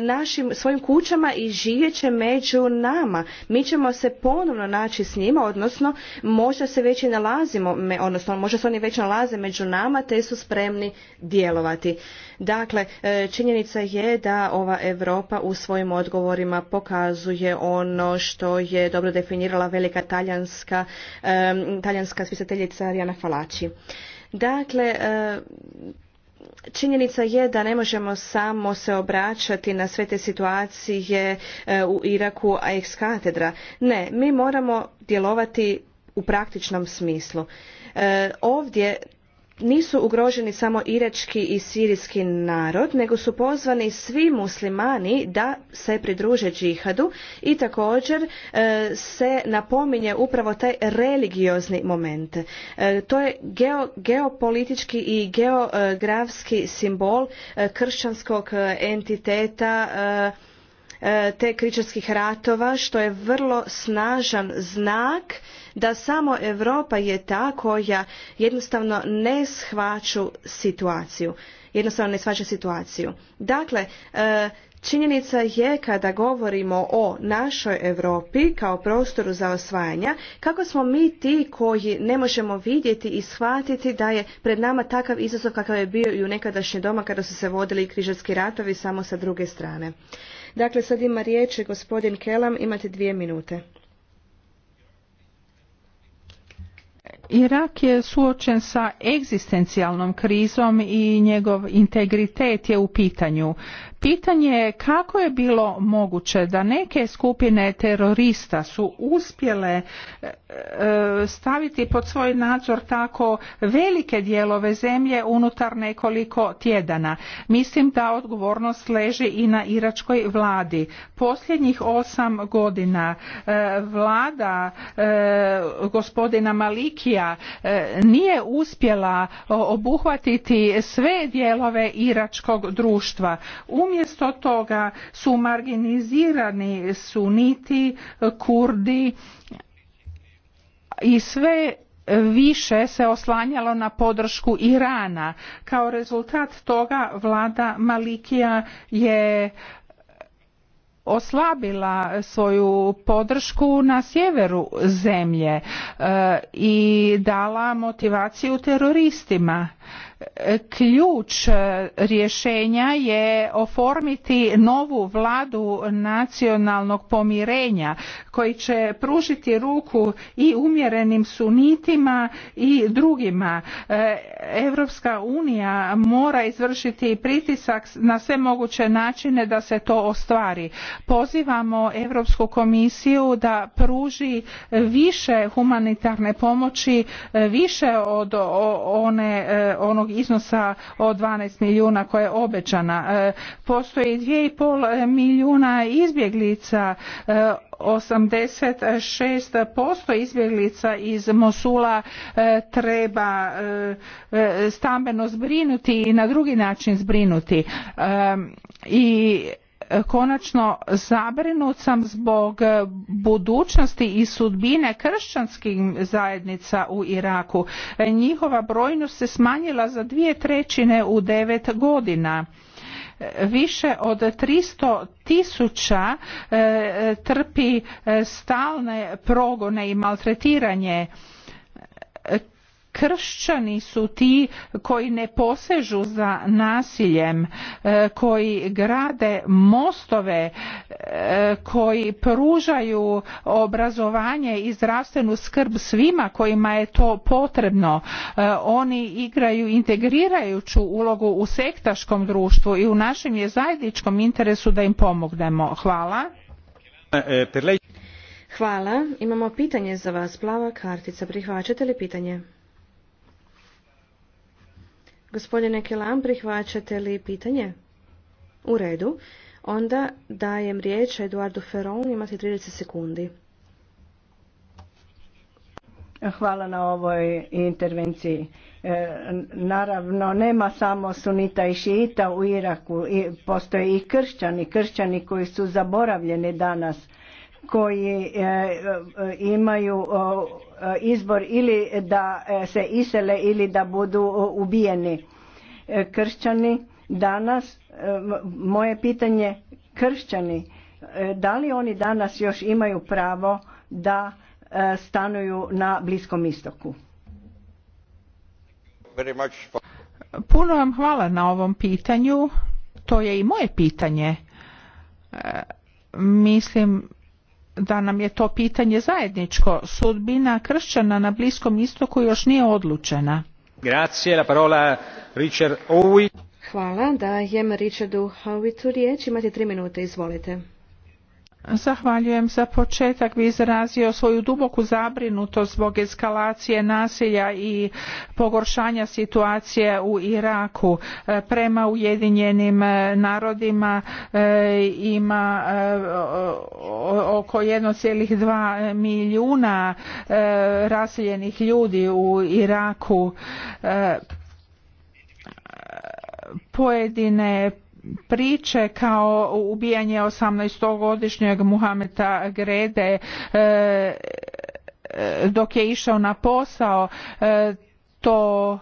našim svojim kućama i živjet će među nama. Mi ćemo se ponovno naći s njima, odnosno možda se već i nalazimo, odnosno možda se oni već nalaze među nama te su spremni djelovati. Dakle, e, činjenica je da ova Europa u svojim odgovorima pokazuje ono što je dobro definirala velika talijanska, talijanska spisateljica Rijana Falači. Dakle, e, Činjenica je da ne možemo samo se obraćati na sve te situacije e, u Iraku a ex katedra. Ne, mi moramo djelovati u praktičnom smislu. E, ovdje nisu ugroženi samo irački i sirijski narod, nego su pozvani svi muslimani da se pridruže džihadu i također e, se napominje upravo taj religiozni moment. E, to je geopolitički i geografski simbol e, kršćanskog entiteta te kričarskih ratova, što je vrlo snažan znak da samo Europa je ta koja jednostavno ne shvaću situaciju. Jednostavno ne shvaća situaciju. Dakle, e, Činjenica je kada govorimo o našoj Europi kao prostoru za osvajanja, kako smo mi ti koji ne možemo vidjeti i shvatiti da je pred nama takav izazov kakav je bio i u nekadašnje doma kada su se vodili križarski ratovi samo sa druge strane. Dakle, sad ima riječ gospodin Kelam, imate dvije minute.
Irak je suočen sa egzistencijalnom krizom i njegov integritet je u pitanju. Pitanje je kako je bilo moguće da neke skupine terorista su uspjele e, staviti pod svoj nadzor tako velike dijelove zemlje unutar nekoliko tjedana. Mislim da odgovornost leži i na iračkoj vladi. Posljednjih osam godina e, vlada e, gospodina Malikija nije uspjela obuhvatiti sve dijelove iračkog društva. U Umjesto toga su marginizirani suniti, kurdi i sve više se oslanjalo na podršku Irana. Kao rezultat toga vlada Malikija je oslabila svoju podršku na sjeveru zemlje e, i dala motivaciju teroristima ključ e, rješenja je oformiti novu vladu nacionalnog pomirenja koji će pružiti ruku i umjerenim sunitima i drugima. Europska unija mora izvršiti pritisak na sve moguće načine da se to ostvari. Pozivamo Europsku komisiju da pruži više humanitarne pomoći, e, više od e, onog iznosa od 12 milijuna koja je obećana. E, postoji 2,5 milijuna izbjeglica 86% e, izbjeglica iz Mosula e, treba stambeno zbrinuti i na drugi način zbrinuti. I konačno zabrinut sam zbog e, budućnosti i sudbine kršćanskih zajednica u Iraku. E, njihova brojnost se smanjila za dvije trećine u devet godina e, više od 300 tisuća trpi stalne progone i maltretiranje kršćani su ti koji ne posežu za nasiljem e, koji grade mostove e, koji pružaju obrazovanje i zdravstvenu skrb svima kojima je to potrebno e, oni igraju integrirajuću ulogu u sektaškom društvu i u našem je zajedničkom interesu da im pomognemo hvala Hvala. Imamo pitanje za vas. Plava kartica. Prihvaćate li pitanje?
Gospodine Kelam, prihvaćate li pitanje? U redu. Onda dajem riječ Eduardu Ferron, imate 30 sekundi.
Hvala na ovoj intervenciji. E, naravno, nema samo sunita i šiita u Iraku, postoje i kršćani, kršćani koji su zaboravljeni danas koji e, e, imaju e, izbor ili da se isele ili da budu ubijeni kršćani danas moje pitanje kršćani da li oni danas još imaju pravo da stanuju na bliskom istoku
puno vam hvala na ovom pitanju to je i moje pitanje mislim da nam je to pitanje zajedničko. Sudbina kršćana na Bliskom istoku još nije odlučena. Grazie, la parola Richard Hvala, dajem
Richardu Howitu riječ. Imate tri minute, izvolite.
Zahvaljujem za početak. Vi izrazio svoju duboku zabrinutost zbog eskalacije nasilja i pogoršanja situacije u Iraku. E, prema Ujedinjenim e, narodima e, ima oko 1,2 milijuna raseljenih ljudi u Iraku. Pojedine priče kao ubijanje 18-godišnjeg Muhameta Grede e, e, dok je išao na posao e, to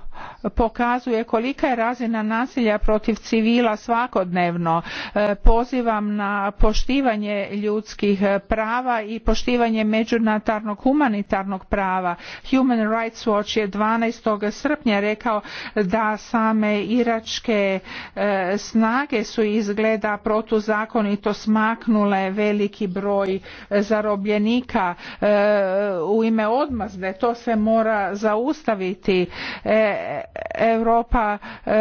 pokazuje kolika je razina nasilja protiv civila svakodnevno e, pozivam na poštivanje ljudskih prava i poštivanje međunarodnog humanitarnog prava human rights watch je 12. srpnja rekao da same iračke e, snage su izgleda protuzakonito smaknule veliki broj zarobljenika e, u ime odmazde to se mora zaustaviti E, Europa e,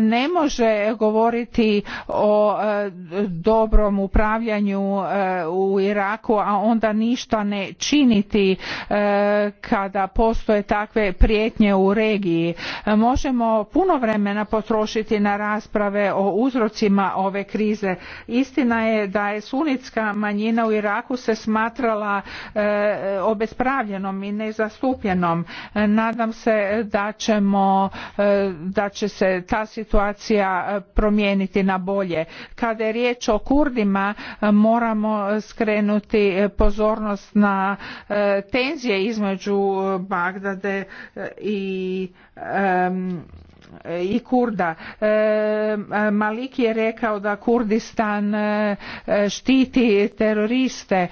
ne može govoriti o e, dobrom upravljanju e, u Iraku, a onda ništa ne činiti e, kada postoje takve prijetnje u regiji. Možemo puno vremena potrošiti na rasprave o uzrocima ove krize. Istina je da je sunitska manjina u Iraku se smatrala obespravljenom i nezastupljenom. Nadam se da ćemo da će se ta situacija e, promijeniti na bolje. Kada je riječ o Kurdima e, moramo skrenuti pozornost na e, tenzije između Bagdade i i Kurda. Maliki je rekao da Kurdistan štiti teroriste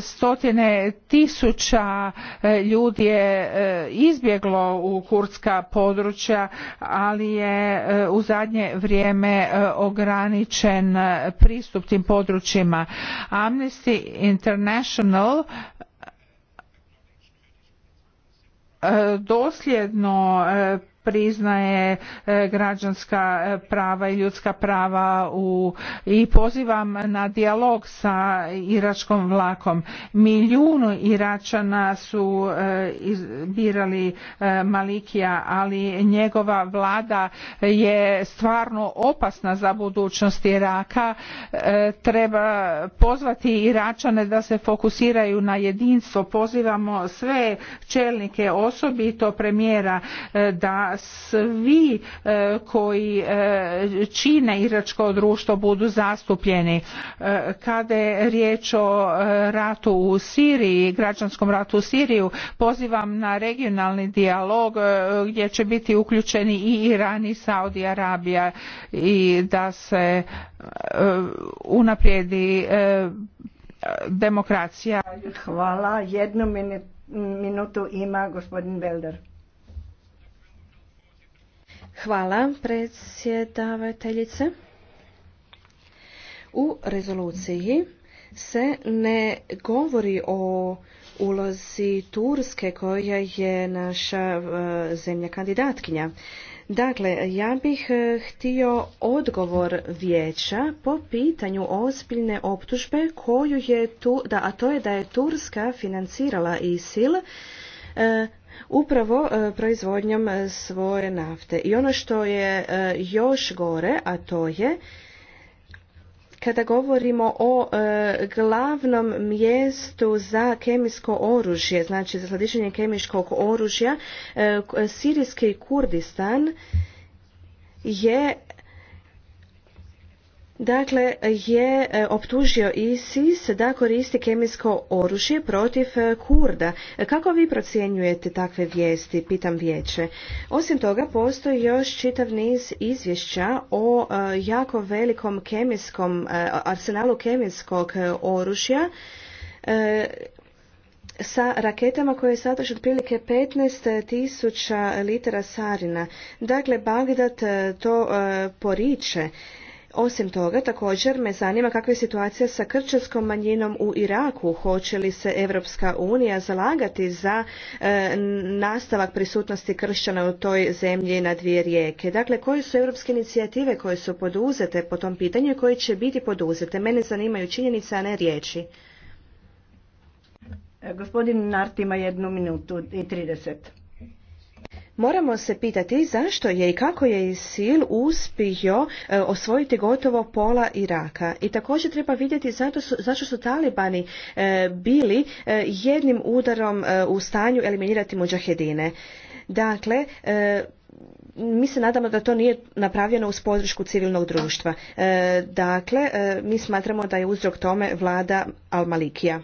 stotine tisuća e, ljudi je e, izbjeglo u kurdska područja ali je e, u zadnje vrijeme ograničen pristup tim područjima Amnesty International dosljedno priznaje e, građanska e, prava i ljudska prava u, i pozivam na dijalog sa iračkom vlakom. Milijunu Iračana su e, birali Malikija, ali njegova vlada je stvarno opasna za budućnost Iraka. Treba pozvati Iračane da se fokusiraju na jedinstvo. Pozivamo sve čelnike, osobito premijera da svi e, koji e, čine iračko društvo budu zastupljeni. E, kada je riječ o ratu u Siriji, građanskom ratu u Siriju, pozivam na regionalni dijalog gdje će biti uključeni i Iran i Saudi Arabija i da se unaprijedi demokracija. Hvala. Jednu minutu
ima gospodin Belder. Hvala predsjedavateljice. U rezoluciji se ne govori o ulozi Turske koja je naša e, zemlja kandidatkinja. Dakle, ja bih e, htio odgovor vijeća po pitanju ozbiljne optužbe koju je tu, da, a to je da je Turska financirala ISIL e, upravo e, proizvodnjom e, svoje nafte. I ono što je e, još gore, a to je kada govorimo o glavnom mjestu za kemijsko oružje, znači za skladištenje kemijskog oružja, sirijski Kurdistan je dakle je e, optužio ISIS da koristi kemijsko oružje protiv e, Kurda. E, kako vi procjenjujete takve vijesti, pitam vijeće. Osim toga postoji još čitav niz izvješća o jako velikom kemijskom arsenalu kemijskog oružja sa raketama koje sadrže otprilike 15.000 tisuća litara sarina. Dakle, Bagdad to poriče osim toga, također me zanima kakva je situacija sa krčanskom manjinom u Iraku. Hoće li se Evropska unija zalagati za e, nastavak prisutnosti kršćana u toj zemlji na dvije rijeke? Dakle, koje su europske inicijative koje su poduzete po tom pitanju i koje će biti poduzete? Mene zanimaju činjenice, a ne riječi.
E, gospodin Nart ima jednu minutu i trideset.
Moramo se pitati zašto je i kako je ISIL uspio e, osvojiti gotovo pola Iraka. I također treba vidjeti su, zašto su talibani e, bili e, jednim udarom u stanju eliminirati muđahedine. Dakle, mi se nadamo da to nije napravljeno uz podršku civilnog društva. Dakle, mi smatramo da je uzrok tome vlada Al-Malikija.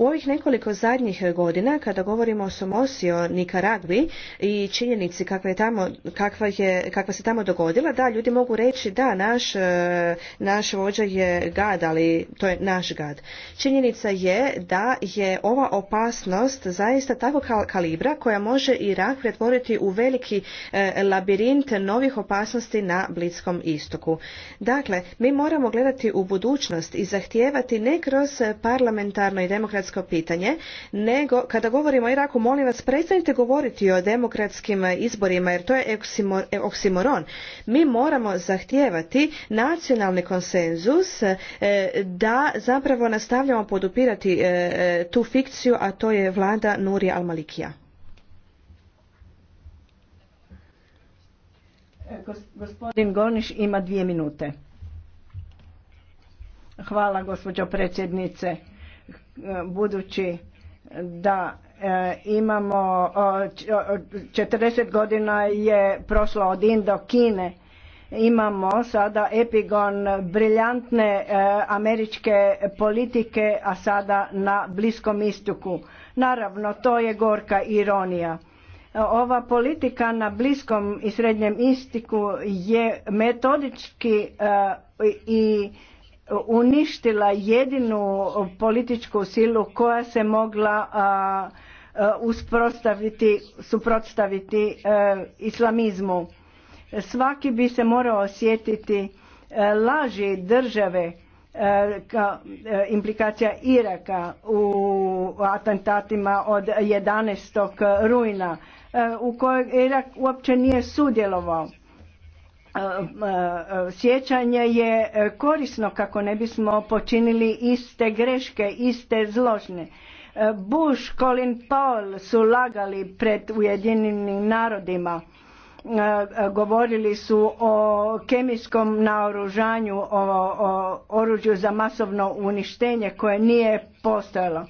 U ovih nekoliko zadnjih godina, kada govorimo o Somosi, o Nikaragvi i činjenici kakva, se tamo dogodila, da, ljudi mogu reći da, naš, e, naš vođa je gad, ali to je naš gad. Činjenica je da je ova opasnost zaista tako kalibra koja može Irak pretvoriti u veliki e, labirint novih opasnosti na Bliskom istoku. Dakle, mi moramo gledati u budućnost i zahtijevati ne kroz e, parlamentarno i demokratsko demokratsko pitanje, nego kada govorimo o Iraku, molim vas, prestanite govoriti o demokratskim izborima, jer to je oksimoron. Mi moramo zahtijevati nacionalni konsenzus e, da zapravo nastavljamo podupirati e, e, tu fikciju, a to je vlada Nuri Al-Malikija.
Gospodin
Goniš ima dvije minute. Hvala gospođo predsjednice budući da e, imamo 40 godina je prošlo od Indokine Kine imamo sada epigon briljantne e, američke politike a sada na bliskom istoku naravno to je gorka ironija ova politika na bliskom i srednjem istiku je metodički e, i uništila jedinu političku silu koja se mogla usprostaviti, suprotstaviti e, islamizmu. Svaki bi se morao osjetiti e, laži države e, implikacija Iraka u atentatima od 11. rujna u kojoj Irak uopće nije sudjelovao sjećanje je korisno kako ne bismo počinili iste greške, iste zložne. Bush, Colin Powell su lagali pred Ujedinjenim narodima. Govorili su o kemijskom naoružanju, o, o oružju za masovno uništenje koje nije postojalo.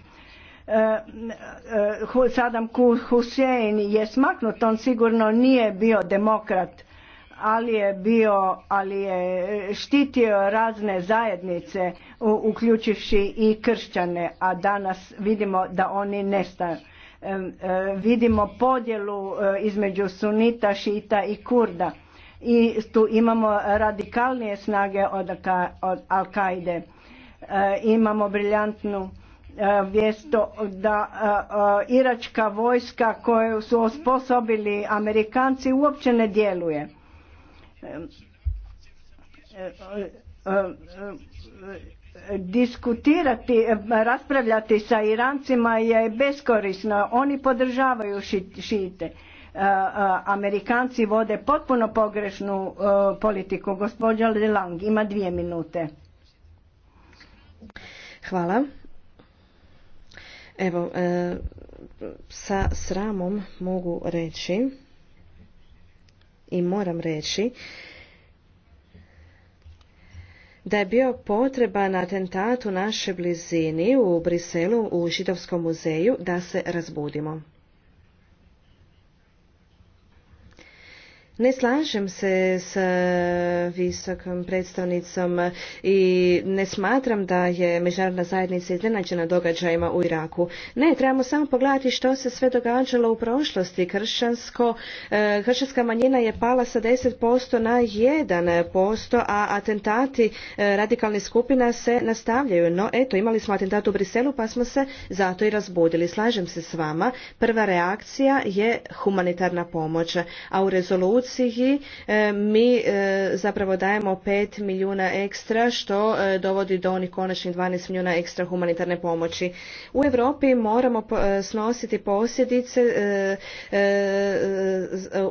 Saddam Hussein je smaknut, on sigurno nije bio demokrat ali je bio, ali je e, štitio razne zajednice uključivši i kršćane, a danas vidimo da oni nestaju. E, vidimo podjelu e, između sunita, šita i kurda i tu imamo radikalnije snage od, od Al-Kaide. Imamo briljantnu vijesto da iračka vojska koju su osposobili Amerikanci uopće ne djeluje diskutirati, raspravljati sa Irancima je beskorisno. Oni podržavaju šite. Amerikanci vode potpuno pogrešnu politiku. Gospođa Lang ima dvije minute.
Hvala. Evo, e, sa sramom mogu reći i moram reći da je bio potreban atentat u našoj blizini u Briselu u Židovskom muzeju da se razbudimo. Ne slažem se sa e, visokom predstavnicom i ne smatram da je međunarodna zajednica iznenađena događajima u Iraku. Ne, trebamo samo pogledati što se sve događalo u prošlosti. Kršćansko, e, kršćanska manjina je pala sa 10% na 1%, a atentati e, radikalnih skupina se nastavljaju. No, eto, imali smo atentat u Briselu pa smo se zato i razbudili. Slažem se s vama. Prva reakcija je humanitarna pomoć, a u rezoluciji E, mi e, zapravo dajemo 5 milijuna ekstra što e, dovodi do onih konačnih 12 milijuna ekstra humanitarne pomoći. U Europi moramo snositi posljedice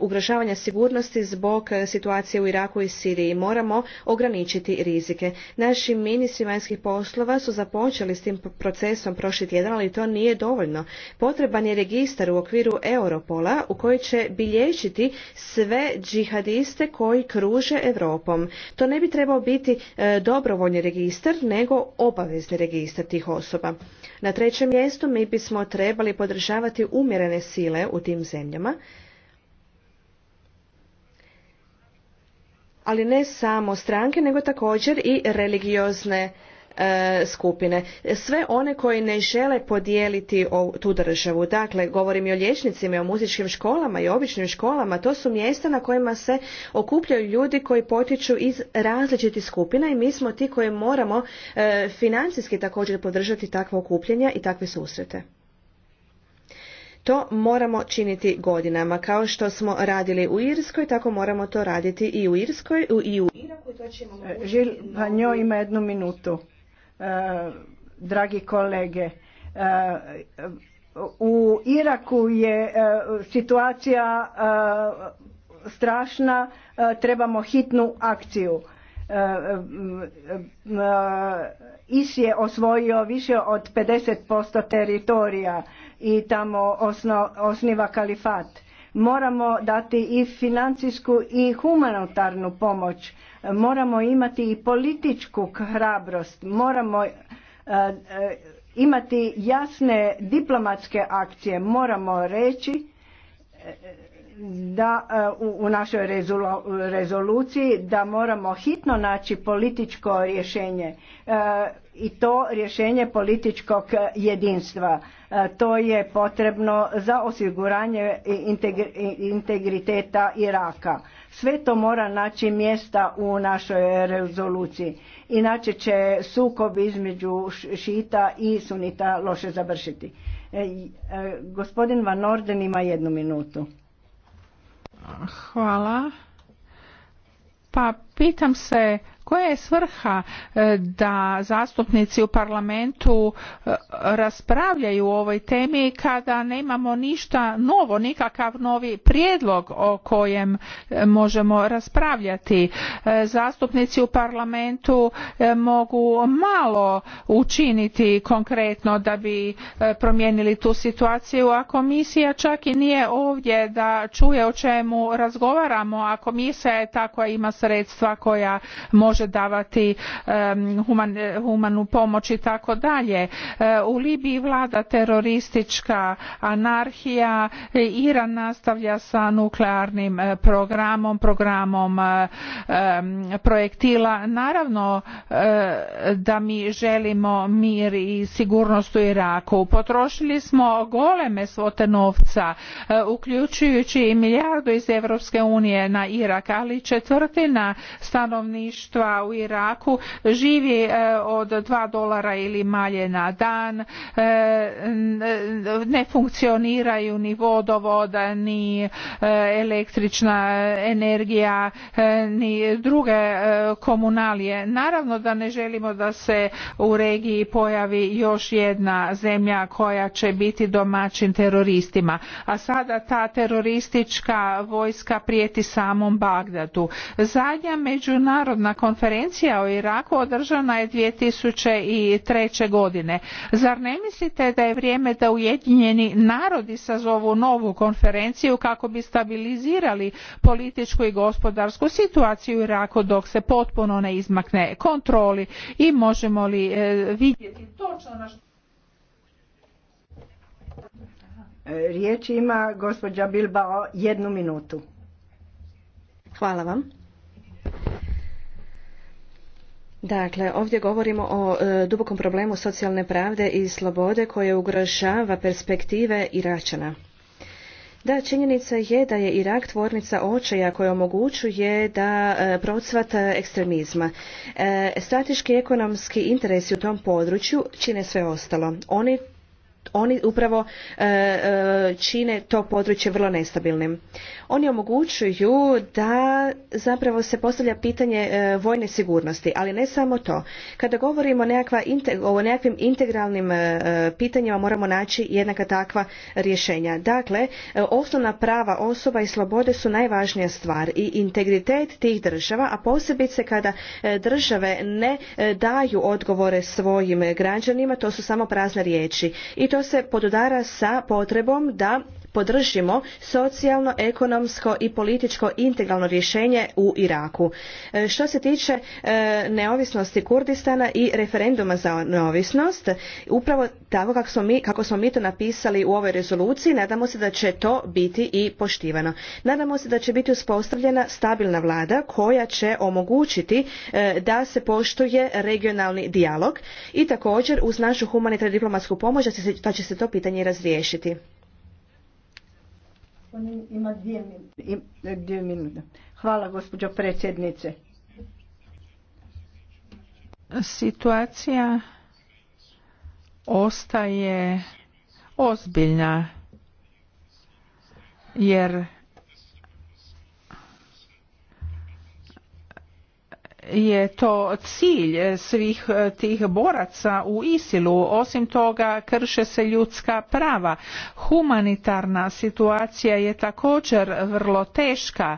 ugrožavanja sigurnosti zbog situacije u Iraku i Siriji. Moramo ograničiti rizike. Naši ministri vanjskih poslova su započeli s tim procesom prošli tjedan, ali to nije dovoljno. Potreban je registar u okviru Europola u koji će bilječiti sve džihadiste koji kruže Europom. To ne bi trebao biti e, dobrovoljni registar, nego obavezni registar tih osoba. Na trećem mjestu mi bismo trebali podržavati umjerene sile u tim zemljama, ali ne samo stranke, nego također i religiozne E, skupine. Sve one koji ne žele podijeliti tu državu, dakle govorim i o liječnicima i o muzičkim školama i običnim školama, to su mjesta na kojima se okupljaju ljudi koji potiču iz različitih skupina i mi smo ti koji moramo e, financijski također podržati takva okupljanja i takve susrete. To moramo činiti godinama. Kao što smo radili u Irskoj, tako moramo to raditi i u Irskoj i u Iraku. Žil, pa njoj ima jednu minutu.
Eh, dragi kolege. Eh, u Iraku je eh, situacija strašna, trebamo hitnu akciju. IS je osvojio više od 50% teritorija i tamo osniva kalifat moramo dati i financijsku i humanitarnu pomoć, moramo imati i političku hrabrost, moramo e, e, imati jasne diplomatske akcije, moramo reći e, da e, u našoj rezoluciji da moramo hitno naći političko rješenje e, i to rješenje političkog jedinstva. E, to je potrebno za osiguranje integriteta Iraka. Sve to mora naći mjesta u našoj rezoluciji. Inače će sukob između šita i sunita loše završiti. Gospodin Van
Orden ima jednu minutu. Hvala. Pa pitam se koja je svrha e, da zastupnici u parlamentu e, raspravljaju o ovoj temi kada nemamo ništa novo, nikakav novi prijedlog o kojem e, možemo raspravljati? Zastupnici u parlamentu mogu malo učiniti konkretno da bi promijenili tu situaciju, a komisija čak i nije ovdje da čuje o čemu razgovaramo, a komisija je ta koja ima sredstva koja može može davati humanu pomoć i tako dalje. E, u Libiji vlada teroristička anarhija, e, Iran nastavlja sa nuklearnim e, programom, programom projektila. Naravno da mi želimo mir i sigurnost u Iraku. Potrošili smo goleme svote novca, uključujući i milijardu iz Europske unije na Irak, ali četvrtina stanovništva u Iraku živi e, od 2 dolara ili malje na dan, e, ne funkcioniraju ni vodovoda, ni e, električna energija, ni druge komunalije. Naravno da ne želimo da se u regiji pojavi još jedna zemlja koja će biti domaćim teroristima. A sada ta teroristička vojska prijeti samom Bagdadu. Zadnja međunarodna konferencija konferencija o Iraku održana je 2003. godine. Zar ne mislite da je vrijeme da Ujedinjeni narodi sazovu novu konferenciju kako bi stabilizirali političku i gospodarsku situaciju u Iraku dok se potpuno ne izmakne kontroli i možemo li e, vidjeti točno na
e, Riječ ima gospođa Bilbao jednu minutu. Hvala vam.
Dakle, ovdje govorimo o e, dubokom problemu socijalne pravde i slobode koje ugrožava perspektive Iračana. Da, činjenica je da je Irak tvornica očaja koja omogućuje da e, ekstremizma. E, strateški ekonomski interesi u tom području čine sve ostalo. Oni oni upravo e, e, čine to područje vrlo nestabilnim. Oni omogućuju da zapravo se postavlja pitanje e, vojne sigurnosti, ali ne samo to. Kada govorimo o nekakvim integralnim pitanjima moramo naći jednaka takva rješenja. Dakle, osnovna prava osoba i slobode su najvažnija stvar i integritet tih država, a posebice kada države ne daju odgovore svojim građanima, to su samo prazne riječi. I to to se podudara sa potrebom da podržimo socijalno, ekonomsko i političko integralno rješenje u Iraku. E, što se tiče e, neovisnosti Kurdistana i referenduma za neovisnost, upravo tako kako smo mi, kako smo mi to napisali u ovoj rezoluciji, nadamo se da će to biti i poštivano. Nadamo se da će biti uspostavljena stabilna vlada koja će omogućiti e, da se poštuje regionalni dijalog i također uz našu humanitarnu diplomatsku pomoć da će se to pitanje razriješiti
ima Hvala gospođo predsjednice.
Situacija ostaje ozbiljna jer je to cilj svih eh, tih boraca u Isilu. Osim toga krše se ljudska prava. Humanitarna situacija je također vrlo teška.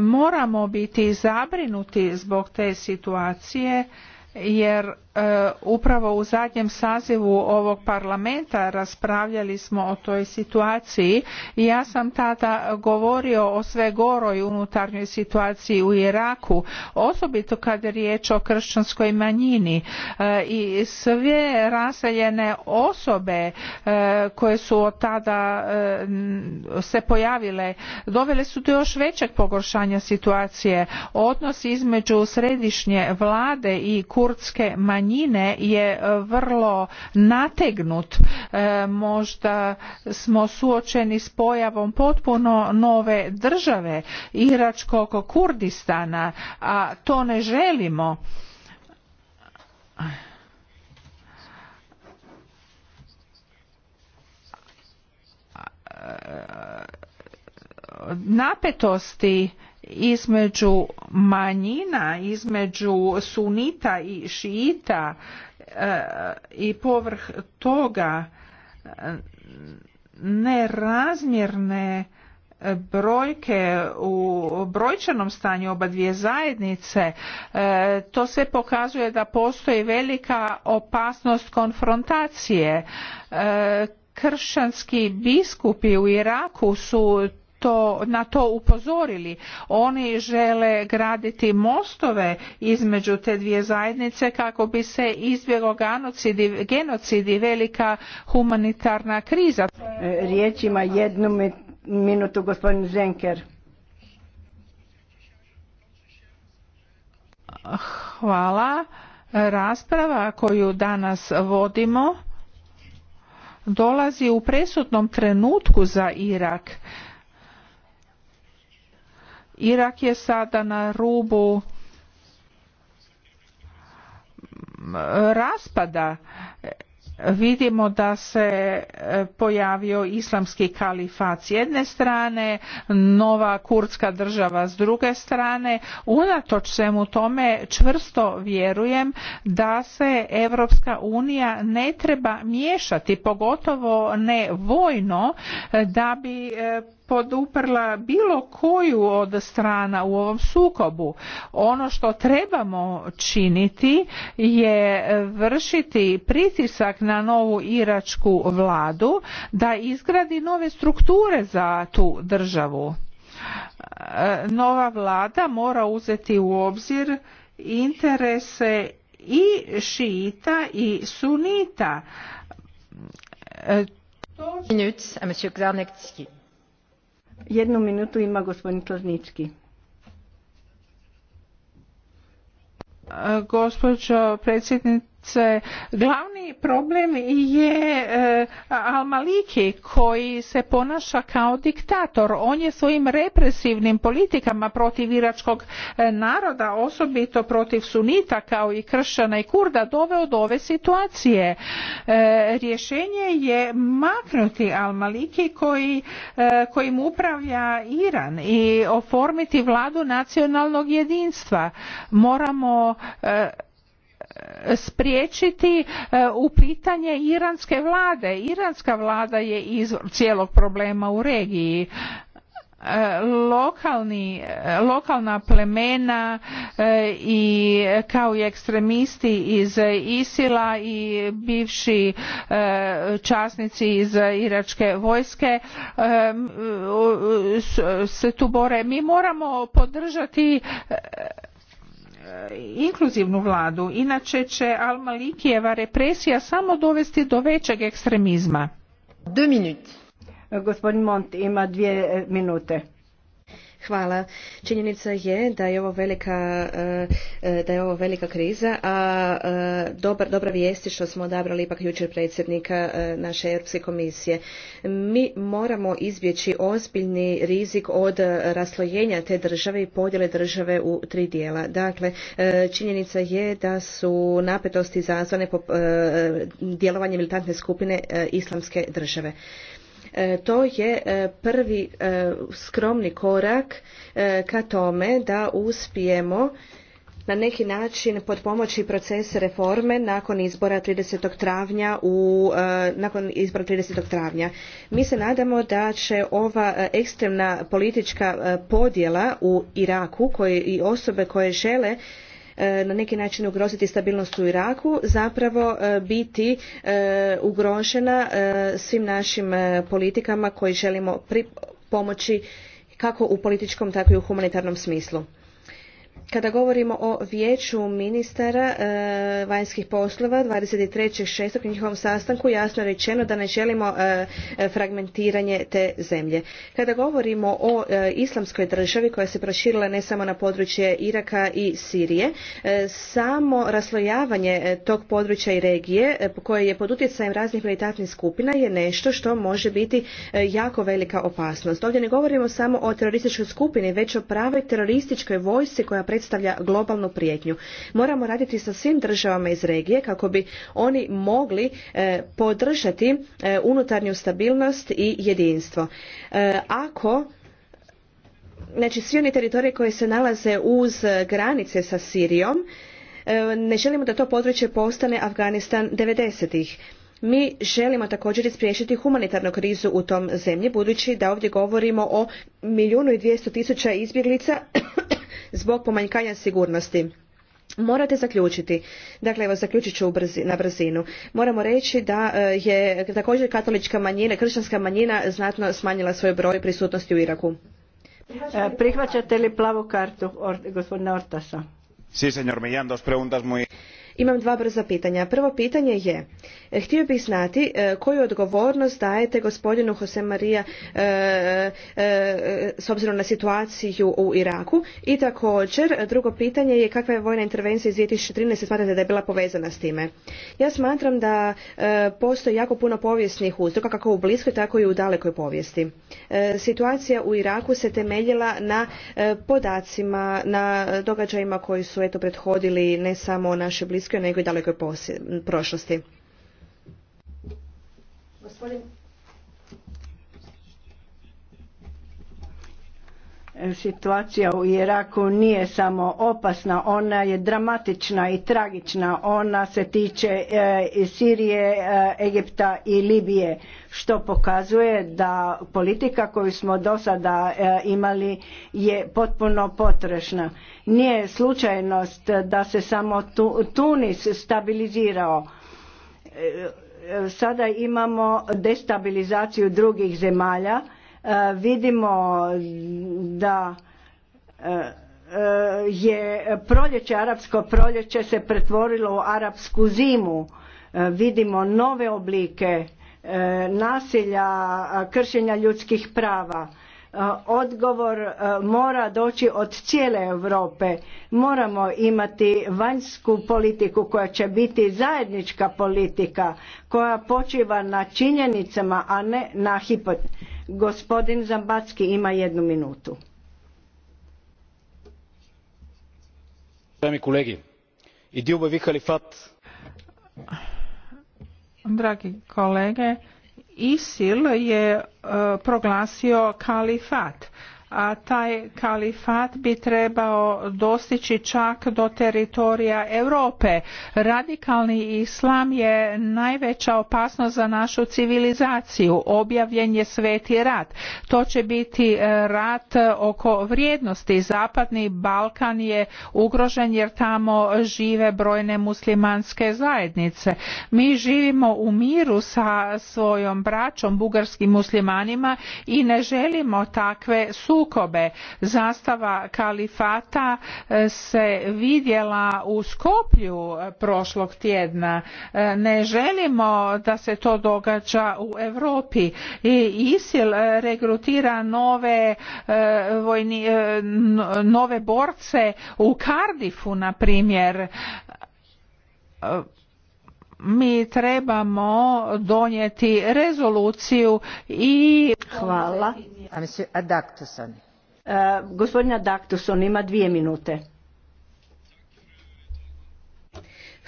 Moramo biti zabrinuti zbog te situacije jer E, upravo u zadnjem sazivu ovog parlamenta raspravljali smo o toj situaciji i ja sam tada govorio o sve goroj unutarnjoj situaciji u Iraku osobito kad je riječ o kršćanskoj manjini e, i sve raseljene osobe e, koje su od tada se pojavile dovele su do još većeg pogoršanja situacije odnos između središnje vlade i kurdske manjine manjine je e, vrlo nategnut e, možda smo suočeni s pojavom potpuno nove države iračkog kurdistana a to ne želimo napetosti između manjina, između sunita i šiita e, i povrh toga e, nerazmjerne brojke u brojčanom stanju oba dvije zajednice e, to sve pokazuje da postoji velika opasnost konfrontacije kršćanski biskupi u Iraku su na to upozorili. Oni žele graditi mostove između te dvije zajednice kako bi se izbjegao genocid i velika humanitarna kriza. Riječ
jednu minutu gospodin Zenker.
Hvala. Rasprava koju danas vodimo dolazi u presudnom trenutku za Irak Irak je sada na rubu raspada vidimo da se e, pojavio islamski kalifat s jedne strane, nova kurdska država s druge strane. Unatoč svemu tome čvrsto vjerujem da se Europska unija ne treba miješati, pogotovo ne vojno, da bi e, poduprla bilo koju od strana u ovom sukobu. Ono što trebamo činiti je vršiti pritisak na novu iračku vladu da izgradi nove strukture za tu državu. E, nova vlada mora uzeti u obzir interese i šiita i sunita. E, to...
Jednu minutu ima gospodin Klaznički.
Gospođo predsjednice, E, glavni problem je e, Almaliki koji se ponaša kao diktator. On je svojim represivnim politikama protiv iračkog e, naroda, osobito protiv sunita kao i kršana i kurda, doveo do ove situacije. Rješenje je maknuti Almaliki koji, kojim upravlja Iran i oformiti vladu nacionalnog jedinstva. Moramo spriječiti e, u pitanje iranske vlade. Iranska vlada je izvor cijelog problema u regiji. E, lokalni, e, lokalna plemena i kao i ekstremisti iz Isila i bivši časnici iz iračke vojske se tu bore. Mi moramo podržati E, inkluzivnu vladu, inače će Al-Malikijeva represija samo dovesti do većeg ekstremizma. Dvije minute. Gospodin
Mont ima dvije minute. Hvala. Činjenica je da je ovo velika, eh, eh, da je ovo velika kriza, a eh, dobra vijest je što smo odabrali ipak jučer predsjednika naše Europske komisije. Mi moramo izbjeći ozbiljni rizik od raslojenja te države i podjele države u tri dijela. Dakle, činjenica je da su napetosti zazvane po djelovanjem militantne skupine islamske države. E, to je e, prvi e, skromni korak ka tome da uspijemo na neki način pomoći proces reforme nakon izbora 30. travnja u nakon izbora 30. travnja. Mi se nadamo da će ova ekstremna politička podjela u Iraku koje i osobe koje žele E, na neki način ugroziti stabilnost u Iraku zapravo e, biti e, ugrožena svim našim politikama koji želimo pomoći kako u političkom tako i u humanitarnom smislu. Kada govorimo o vijeću ministara e, vanjskih poslova 23.6. u njihovom sastanku jasno je rečeno da ne želimo e, fragmentiranje te zemlje. Kada govorimo o e, islamskoj državi koja se proširila ne samo na područje Iraka i Sirije, samo raslojavanje tog područja i regije koje je pod utjecajem raznih militarnih skupina je nešto što može biti jako velika opasnost. Ovdje ne govorimo samo o terorističkoj skupini, već o pravoj terorističkoj vojsci koja pre predstavlja globalnu prijetnju. Moramo raditi sa svim državama iz regije kako bi oni mogli e, podržati e, unutarnju stabilnost i jedinstvo. E, ako znači svi oni teritorije koji se nalaze uz granice sa Sirijom, ne želimo da to područje postane Afganistan 90-ih. Mi želimo također ispriješiti humanitarnu krizu u tom zemlji, budući da ovdje govorimo o milijunu i dvjesto tisuća izbjeglica zbog pomanjkanja sigurnosti. Morate zaključiti, dakle evo zaključit ću na brzinu, moramo reći da eh, je također katolička manjina, kršćanska manjina znatno smanjila svoj broj prisutnosti u Iraku.
Eh, prihvaćate li plavu kartu gospodina
Ortasa? Imam dva brza pitanja. Prvo pitanje je, eh, htio bih znati eh, koju odgovornost dajete gospodinu Jose Marija eh, s obzirom na situaciju u Iraku i također drugo pitanje je kakva je vojna intervencija iz 2013. smatrate da je bila povezana s time. Ja smatram da postoji jako puno povijesnih uzroka kako u bliskoj tako i u dalekoj povijesti. Situacija u Iraku se temeljila na podacima, na događajima koji su eto prethodili ne samo naše bliske bliskoj nego i dalekoj prošlosti.
Situacija u Iraku nije samo opasna, ona je dramatična i tragična. Ona se tiče eh, Sirije, eh, Egipta i Libije, što pokazuje da politika koju smo do sada eh, imali je potpuno potrešna. Nije slučajnost da se samo Tunis stabilizirao sada imamo destabilizaciju drugih zemalja E, vidimo da e, e, je proljeće, arapsko proljeće se pretvorilo u arapsku zimu. Vidimo nove oblike nasilja, kršenja ljudskih prava odgovor mora doći od cijele Europe. Moramo imati vanjsku politiku koja će biti zajednička politika koja počiva na činjenicama, a ne na hipot. Gospodin Zambacki ima jednu minutu. Dragi kolege,
Isil je e, proglasio kalifat a taj kalifat bi trebao dostići čak do teritorija Europe. Radikalni islam je najveća opasnost za našu civilizaciju. Objavljen je sveti rat. To će biti e, rat oko vrijednosti. Zapadni Balkan je ugrožen jer tamo žive brojne muslimanske zajednice. Mi živimo u miru sa svojom braćom, bugarskim muslimanima i ne želimo takve su sukobe. Zastava kalifata e, se vidjela u Skoplju e, prošlog tjedna. E, ne želimo da se to događa u Europi. I ISIL regrutira nove, nove borce u Kardifu, na primjer mi trebamo donijeti rezoluciju i... Hvala.
Adaktuson. Daktuson? E, gospodin ima dvije minute.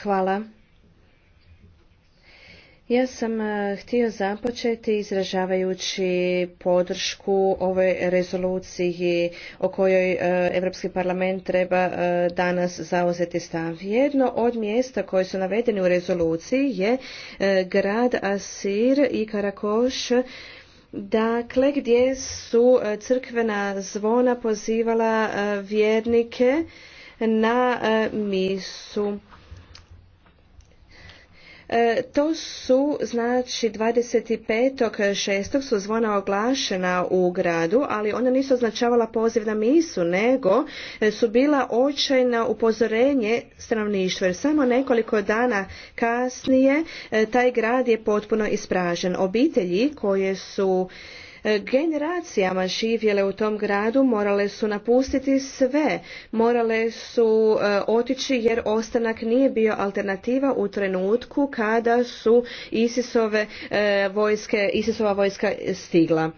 Hvala. Ja sam e, htio započeti izražavajući podršku ovoj rezoluciji o kojoj Europski parlament treba e, danas zauzeti stav. Jedno od mjesta koje su navedeni u rezoluciji je e, grad Asir i Karakoš Dakle, gdje su crkvena zvona pozivala vjernike na misu. E, to su, znači, 25.6. su zvona oglašena u gradu, ali ona nisu označavala poziv na misu, nego e, su bila očajna upozorenje stanovništva. Jer samo nekoliko dana kasnije e, taj grad je potpuno ispražen. Obitelji koje su E, generacijama živjele u tom gradu morale su napustiti sve, morale su e, otići jer ostanak nije bio alternativa u trenutku kada su Isisove e, vojske, Isisova vojska stigla.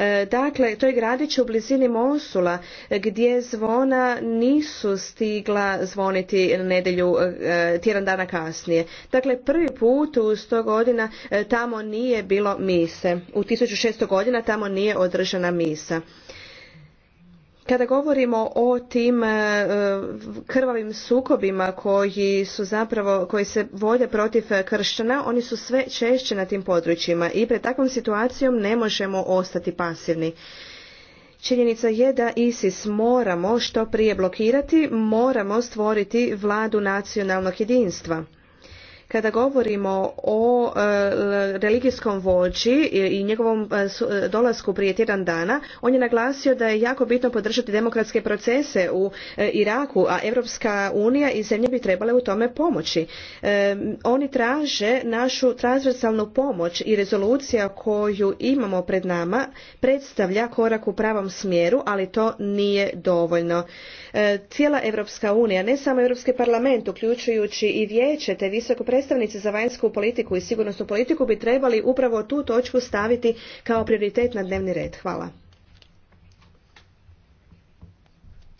E, dakle, to je gradić u blizini Mosula e, gdje zvona nisu stigla zvoniti nedjelju e, tjedan dana kasnije. Dakle, prvi put u sto godina tamo nije bilo mise. U 1600 godina tamo nije održana misa. Kada govorimo o tim e, krvavim sukobima koji su zapravo, koji se vode protiv kršćana, oni su sve češće na tim područjima i pred takvom situacijom ne možemo ostati pasivni. Činjenica je da ISIS moramo što prije blokirati, moramo stvoriti vladu nacionalnog jedinstva kada govorimo o e, religijskom vođi i njegovom e, e, dolasku prije tjedan dana, on je naglasio da je jako bitno podržati demokratske procese u Iraku, a Europska unija i zemlje bi trebale u tome pomoći. Oni traže našu transversalnu pomoć i rezolucija koju imamo pred nama predstavlja korak u pravom smjeru, ali to nije dovoljno. E, cijela Europska unija, ne samo Europski parlament, uključujući i vijeće te visoko predstavnici za vanjsku politiku i sigurnosnu politiku bi trebali upravo tu točku staviti kao prioritet na dnevni red. Hvala.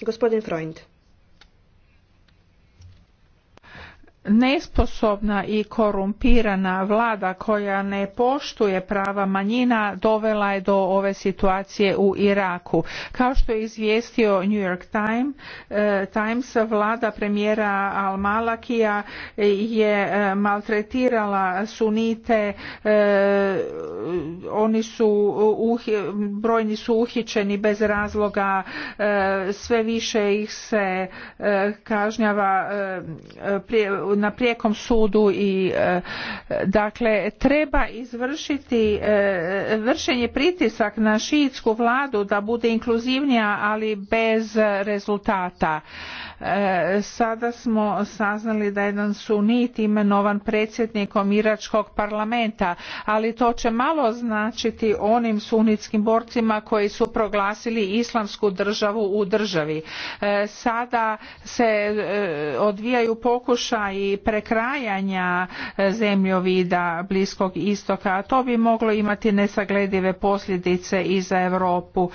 Gospodin Freund.
nesposobna i korumpirana vlada koja ne poštuje prava manjina dovela je do ove situacije u Iraku. Kao što je izvijestio New York eh, Times, vlada premijera Al-Malakija je eh, maltretirala sunite, eh, oni su brojni su uhićeni bez razloga, sve više ih se kažnjava na prijekom sudu i e, dakle treba izvršiti e, vršenje pritisak na šiitsku vladu da bude inkluzivnija ali bez rezultata E, sada smo saznali da jedan sunit imenovan predsjednikom Iračkog parlamenta, ali to će malo značiti onim sunitskim borcima koji su proglasili islamsku državu u državi. E, sada se e, odvijaju pokušaji prekrajanja zemljovida Bliskog istoka, a to bi moglo imati nesagledive posljedice i za Europu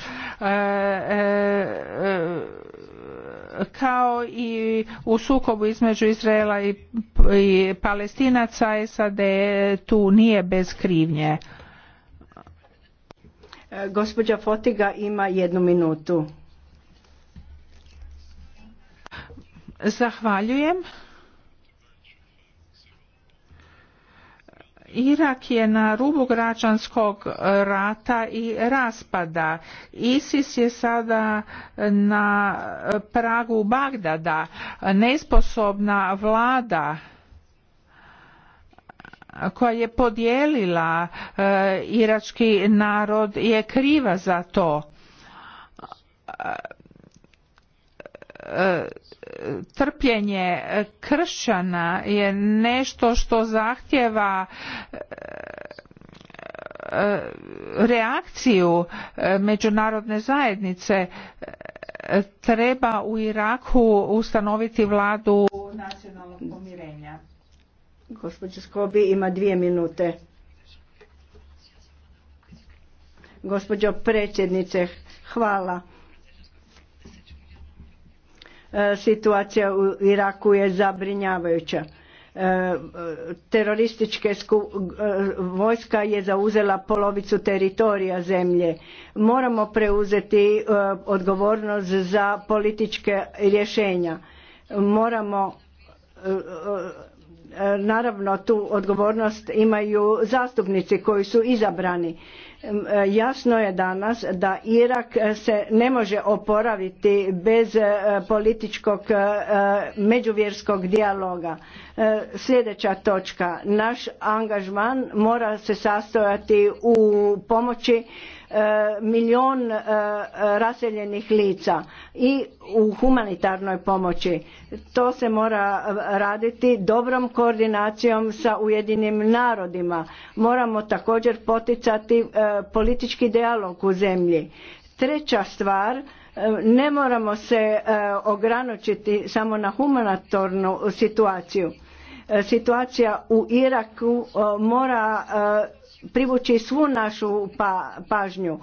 kao i u sukobu između Izraela i Palestinaca SAD tu nije bez krivnje.
E, gospođa Fotiga ima jednu minutu.
Zahvaljujem. Irak je na rubu građanskog rata i raspada. ISIS je sada na pragu Bagdada. Nesposobna vlada koja je podijelila eh, irački narod je kriva za to trpljenje kršćana je nešto što zahtjeva e, reakciju e, međunarodne zajednice e, treba u Iraku ustanoviti vladu nacionalnog pomirenja. Skobi ima
dvije minute. Gospođo predsjednice, hvala. E, situacija u Iraku je zabrinjavajuća. E, terorističke e, vojska je zauzela polovicu teritorija zemlje. Moramo preuzeti odgovornost za političke rješenja. Moramo naravno tu odgovornost imaju zastupnici koji su izabrani E, jasno je danas da Irak se ne može oporaviti bez e, političkog e, međuvjerskog dijaloga. Sljedeća točka, naš angažman mora se sastojati u pomoći E, milijun e, raseljenih lica i u humanitarnoj pomoći. To se mora raditi dobrom koordinacijom sa Ujedinim narodima. Moramo također poticati e, politički dijalog u zemlji. Treća stvar, ne moramo se ograničiti samo na humanitarnu situaciju E, situacija u Iraku e, mora e, privući svu našu pa, pažnju.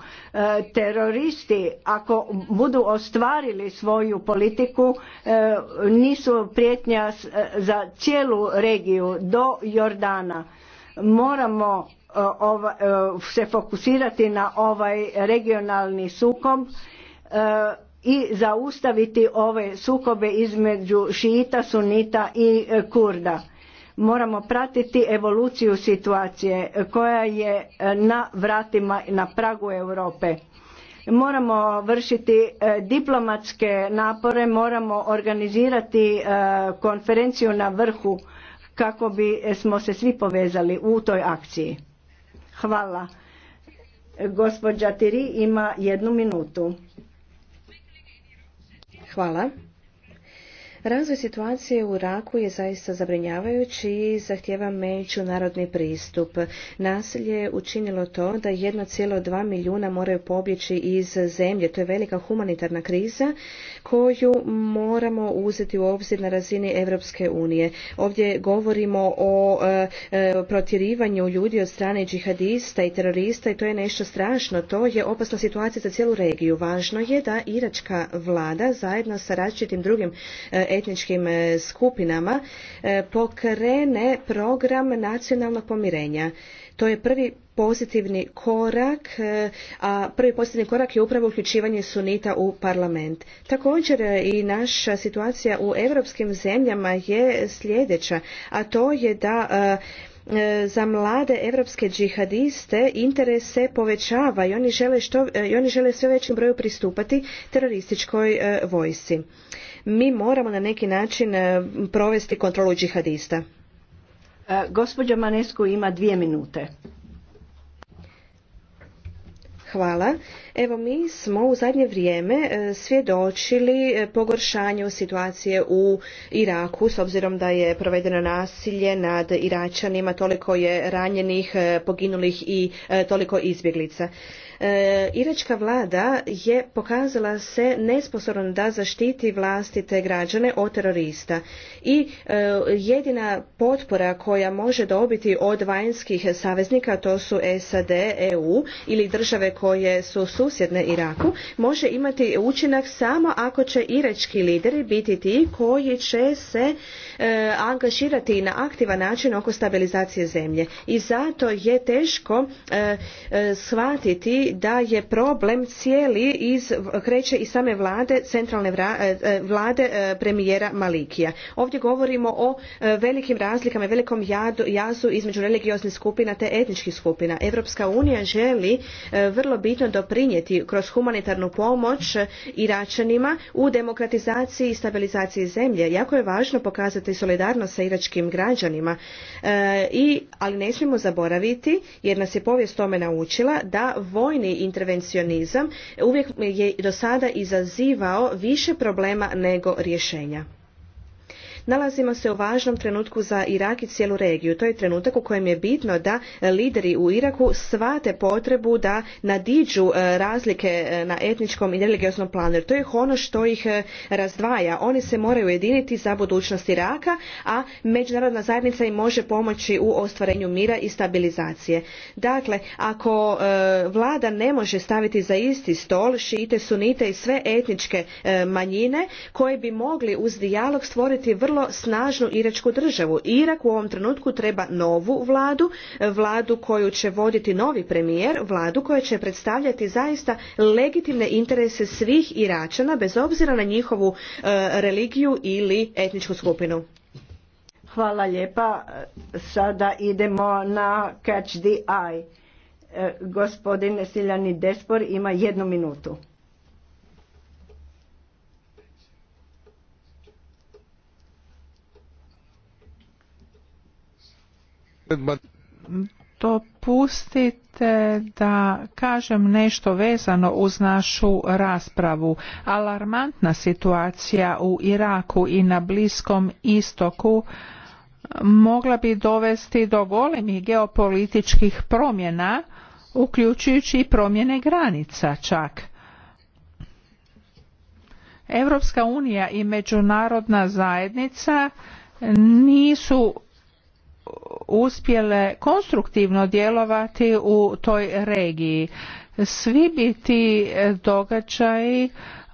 teroristi ako budu ostvarili svoju politiku nisu prijetnja za cijelu regiju do Jordana. Moramo se fokusirati na ovaj regionalni sukob i zaustaviti ove sukobe između šiita, sunita i e, kurda. Moramo pratiti evoluciju situacije e, koja je e, na vratima na pragu Europe. Moramo vršiti diplomatske napore, moramo organizirati konferenciju na vrhu kako bi smo se svi povezali u toj akciji. Hvala. Gospođa Tiri ima
jednu minutu. Hvala. Razvoj situacije u Iraku je zaista zabrinjavajući i zahtjeva međunarodni pristup. Nasilje je učinilo to da 1,2 milijuna moraju pobjeći iz zemlje. To je velika humanitarna kriza koju moramo uzeti u obzir na razini Europske unije. Ovdje govorimo o e, e, protjerivanju ljudi od strane džihadista i terorista i to je nešto strašno. To je opasna situacija za cijelu regiju. Važno je da iračka vlada zajedno sa različitim drugim e, etničkim e, skupinama e, pokrene program nacionalnog pomirenja. To je prvi pozitivni korak, e, a prvi pozitivni korak je upravo uključivanje sunita u parlament. Također i naša situacija u europskim zemljama je sljedeća, a to je da za mlade europske džihadiste interes se povećava i oni žele, i oni žele sve većem broju pristupati terorističkoj vojsci mi moramo na neki način e, provesti kontrolu džihadista. E, gospođa Manesku ima dvije minute. Hvala. Evo mi smo u zadnje vrijeme e, svjedočili pogoršanju situacije u Iraku s obzirom da je provedeno nasilje nad Iračanima, toliko je ranjenih, poginulih i toliko izbjeglica. E, iračka vlada je pokazala se nesposobno da zaštiti vlastite građane od terorista i e, jedina potpora koja može dobiti od vanjskih saveznika, to su SAD, EU ili države koje su susjedne Iraku, može imati učinak samo ako će irački lideri biti ti koji će se e, angažirati na aktivan način oko stabilizacije zemlje. I zato je teško shvatiti da je problem cijeli iz, kreće iz same vlade, centralne e, e, vlade e, premijera Malikija. Ovdje govorimo o velikim razlikama i velikom jazu između religioznih skupina te etničkih skupina. Europska unija želi vrlo bitno doprinijeti kroz humanitarnu pomoć Iračanima u demokratizaciji i stabilizaciji zemlje. Jako je važno pokazati solidarnost sa iračkim građanima, i, ali ne smijemo zaboraviti, jer nas je povijest tome naučila, da vojni vojni intervencionizam uvijek je do sada izazivao više problema nego rješenja. Nalazimo se u važnom trenutku za Irak i cijelu regiju. To je trenutak u kojem je bitno da e, lideri u Iraku svate potrebu da nadiđu e, razlike e, na etničkom i religioznom planu. Jer to je ono što ih razdvaja. Oni se moraju ujediniti za budućnost Iraka, a međunarodna zajednica im može pomoći u ostvarenju mira i stabilizacije. Dakle, ako vlada ne može staviti za isti stol šite, sunite i sve etničke manjine koje bi mogli uz dijalog stvoriti vrlo snažnu iračku državu. Irak u ovom trenutku treba novu vladu, vladu koju će voditi novi premijer, vladu koja će predstavljati zaista legitimne interese svih Iračana bez obzira na njihovu e, religiju ili etničku skupinu. Hvala lijepa. Sada idemo
na Catch the Eye. E, gospodin Siljani Despor ima jednu minutu.
Dopustite da kažem nešto vezano uz našu raspravu. Alarmantna situacija u Iraku i na Bliskom istoku mogla bi dovesti do golemih geopolitičkih promjena, uključujući i promjene granica čak. Europska unija i međunarodna zajednica nisu uspjele konstruktivno djelovati u toj regiji. Svi bi ti e, događaji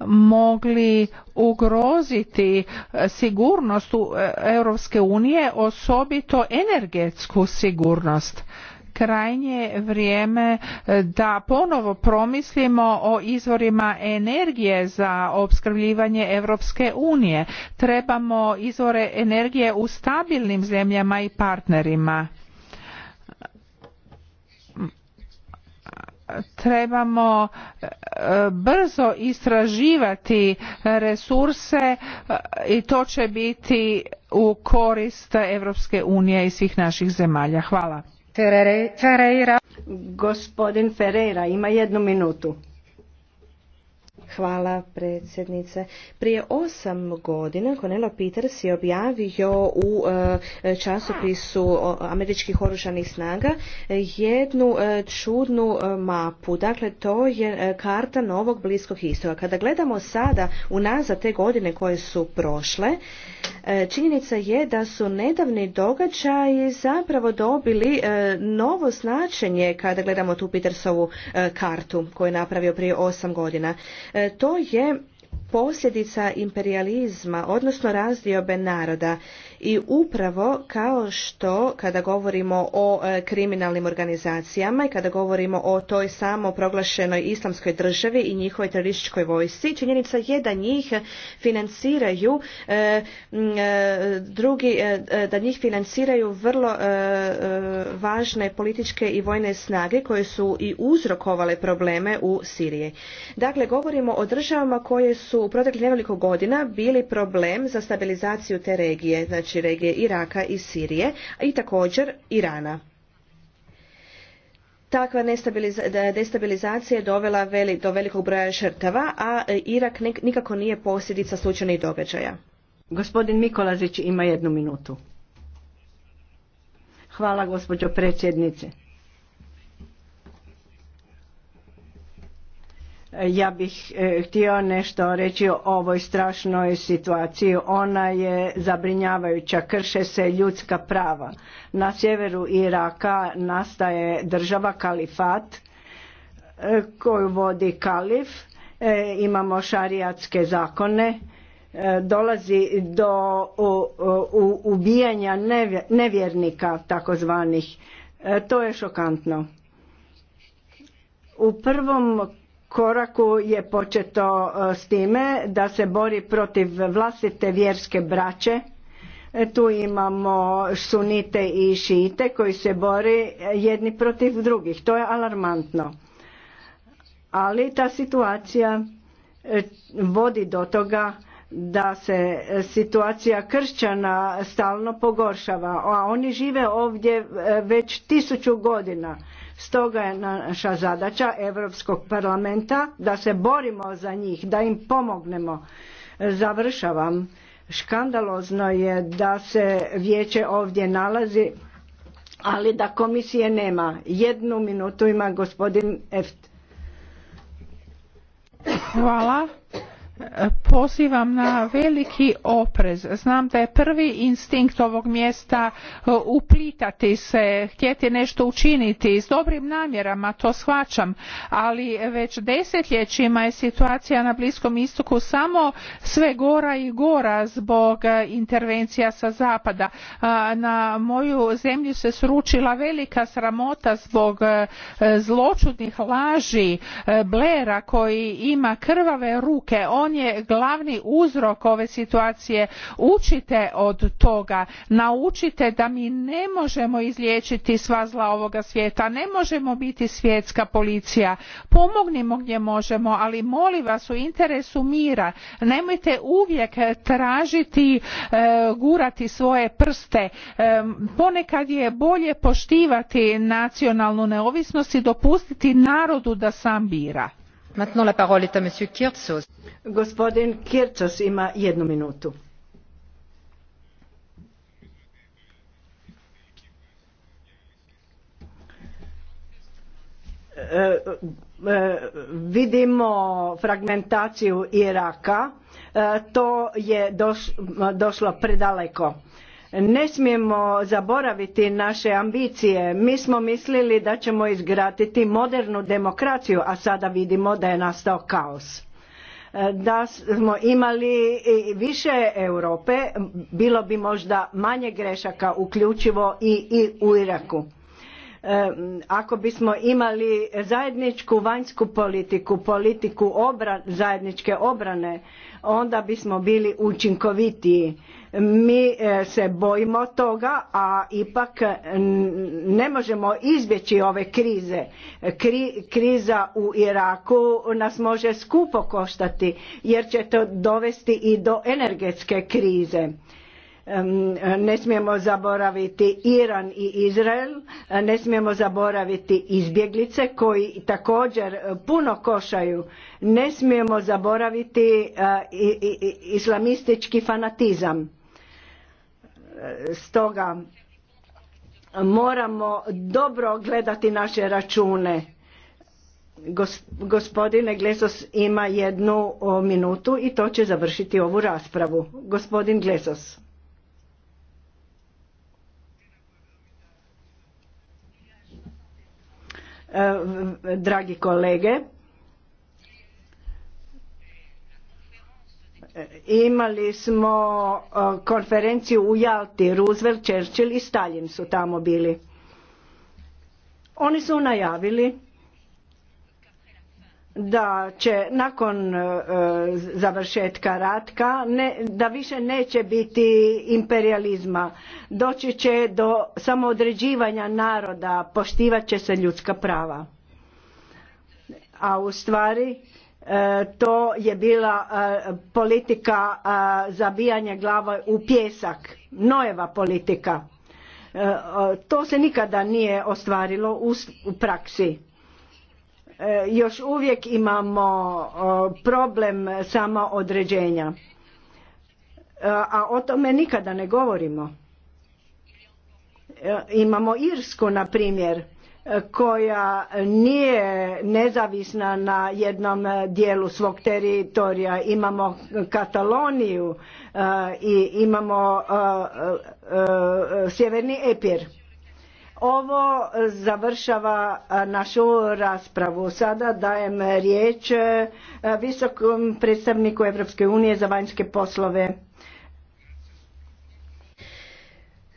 mogli ugroziti e, sigurnost e, Europske unije, osobito energetsku sigurnost krajnje vrijeme e, da ponovo promislimo o izvorima energije za opskrbljivanje Europske unije. Trebamo izvore energije u stabilnim zemljama i partnerima. trebamo e, brzo istraživati resurse e, i to će biti u korist Europske unije i svih naših zemalja. Hvala. Gospodin Ferreira ima jednu minutu.
Hvala predsjednice. Prije osam godina Konelo Peters je objavio u e, časopisu američkih oružanih snaga jednu e, čudnu e, mapu. Dakle, to je karta novog bliskog Istoga. Kada gledamo sada unazad te godine koje su prošle, činjenica je da su nedavni događaji zapravo dobili novo značenje kada gledamo tu Petersovu kartu koju je napravio prije osam godina. E, to je posljedica imperializma, odnosno razdiobe naroda i upravo kao što kada govorimo o e, kriminalnim organizacijama i kada govorimo o toj samo proglašenoj islamskoj državi i njihovoj terorističkoj vojsci, činjenica je da njih financiraju e, e, drugi, da njih financiraju vrlo važne političke i vojne snage koje su i uzrokovale probleme u Siriji. Dakle, govorimo o državama koje su u proteklih nekoliko godina bili problem za stabilizaciju te regije. Znači, znači regije Iraka i Sirije, a i također Irana. Takva destabilizacija je dovela do velikog broja žrtava, a e, Irak nikako nije posljedica slučajnih događaja. Gospodin
Mikolazić ima jednu minutu. Hvala gospođo predsjednice. Ja bih e, htio nešto reći o ovoj strašnoj situaciji. Ona je zabrinjavajuća, krše se ljudska prava. Na sjeveru Iraka nastaje država kalifat e, koju vodi kalif. E, imamo šarijatske zakone. Dolazi do ubijanja nevjernika takozvanih. To je šokantno. U prvom koraku je početo e, s time da se bori protiv vlastite vjerske braće. E, tu imamo sunite i šite koji se bori e, jedni protiv drugih. To je alarmantno. Ali ta situacija vodi do toga da se situacija kršćana stalno pogoršava, a oni žive ovdje već tisuću godina Stoga je naša zadaća Europskog parlamenta da se borimo za njih, da im pomognemo. Završavam. Škandalozno je da se vijeće ovdje nalazi, ali da komisije nema. Jednu minutu ima gospodin Eft.
Hvala pozivam na veliki oprez. Znam da je prvi instinkt ovog mjesta e, uplitati se, htjeti nešto učiniti s dobrim namjerama, to shvaćam, ali već desetljećima je situacija na Bliskom istoku samo sve gora i gora zbog e, intervencija sa zapada. Na moju zemlju se sručila velika sramota zbog e, zločudnih laži Blera koji ima krvave ruke. On je je glavni uzrok ove situacije učite od toga naučite da mi ne možemo izliječiti sva zla ovoga svijeta ne možemo biti svjetska policija pomognimo gdje možemo ali molim vas u interesu mira nemojte uvijek tražiti e, gurati svoje prste e, ponekad je bolje poštivati nacionalnu neovisnost i dopustiti narodu da sam bira la mi monsieur Gospodin Kirtsos ima jednu minutu.
E, e, vidimo fragmentaciju Iraka, e, to je došlo predaleko ne smijemo zaboraviti naše ambicije. Mi smo mislili da ćemo izgraditi modernu demokraciju, a sada vidimo da je nastao kaos. E, da smo imali više Europe, bilo bi možda manje grešaka, uključivo i, u Iraku e, ako bismo imali zajedničku vanjsku politiku, politiku zajedničke obrane, onda bismo bili učinkovitiji mi e, se bojimo toga a ipak ne možemo izbjeći ove krize kriza u iraku nas može skupo koštati jer će to dovesti i do energetske krize ne smijemo zaboraviti Iran i Izrael, ne smijemo zaboraviti izbjeglice koji također e, puno košaju, ne smijemo zaboraviti e, islamistički fanatizam. Stoga moramo dobro gledati naše račune. Gospodine Glesos ima jednu minutu i to će završiti ovu raspravu. Gospodin Glesos. E, dragi kolege, Imali smo e, konferenciju u Jalti, Roosevelt, Churchill i Stalin su tamo bili. Oni su najavili da će nakon e, završetka ratka da više neće biti imperializma. Doći će do samoodređivanja naroda, poštivat će se ljudska prava. A u stvari E, to je bila e, politika e, zabijanja glave u pjesak nojeva politika to se nikada nije ostvarilo u praksi još uvijek imamo problem samoodređenja a o tome nikada ne govorimo imamo Irsku na primjer koja nije nezavisna na jednom dijelu svog teritorija. Imamo Kataloniju e, i imamo e, e, Sjeverni Epir. Ovo završava našu raspravu. Sada dajem riječ visokom predstavniku Europske unije za vanjske poslove.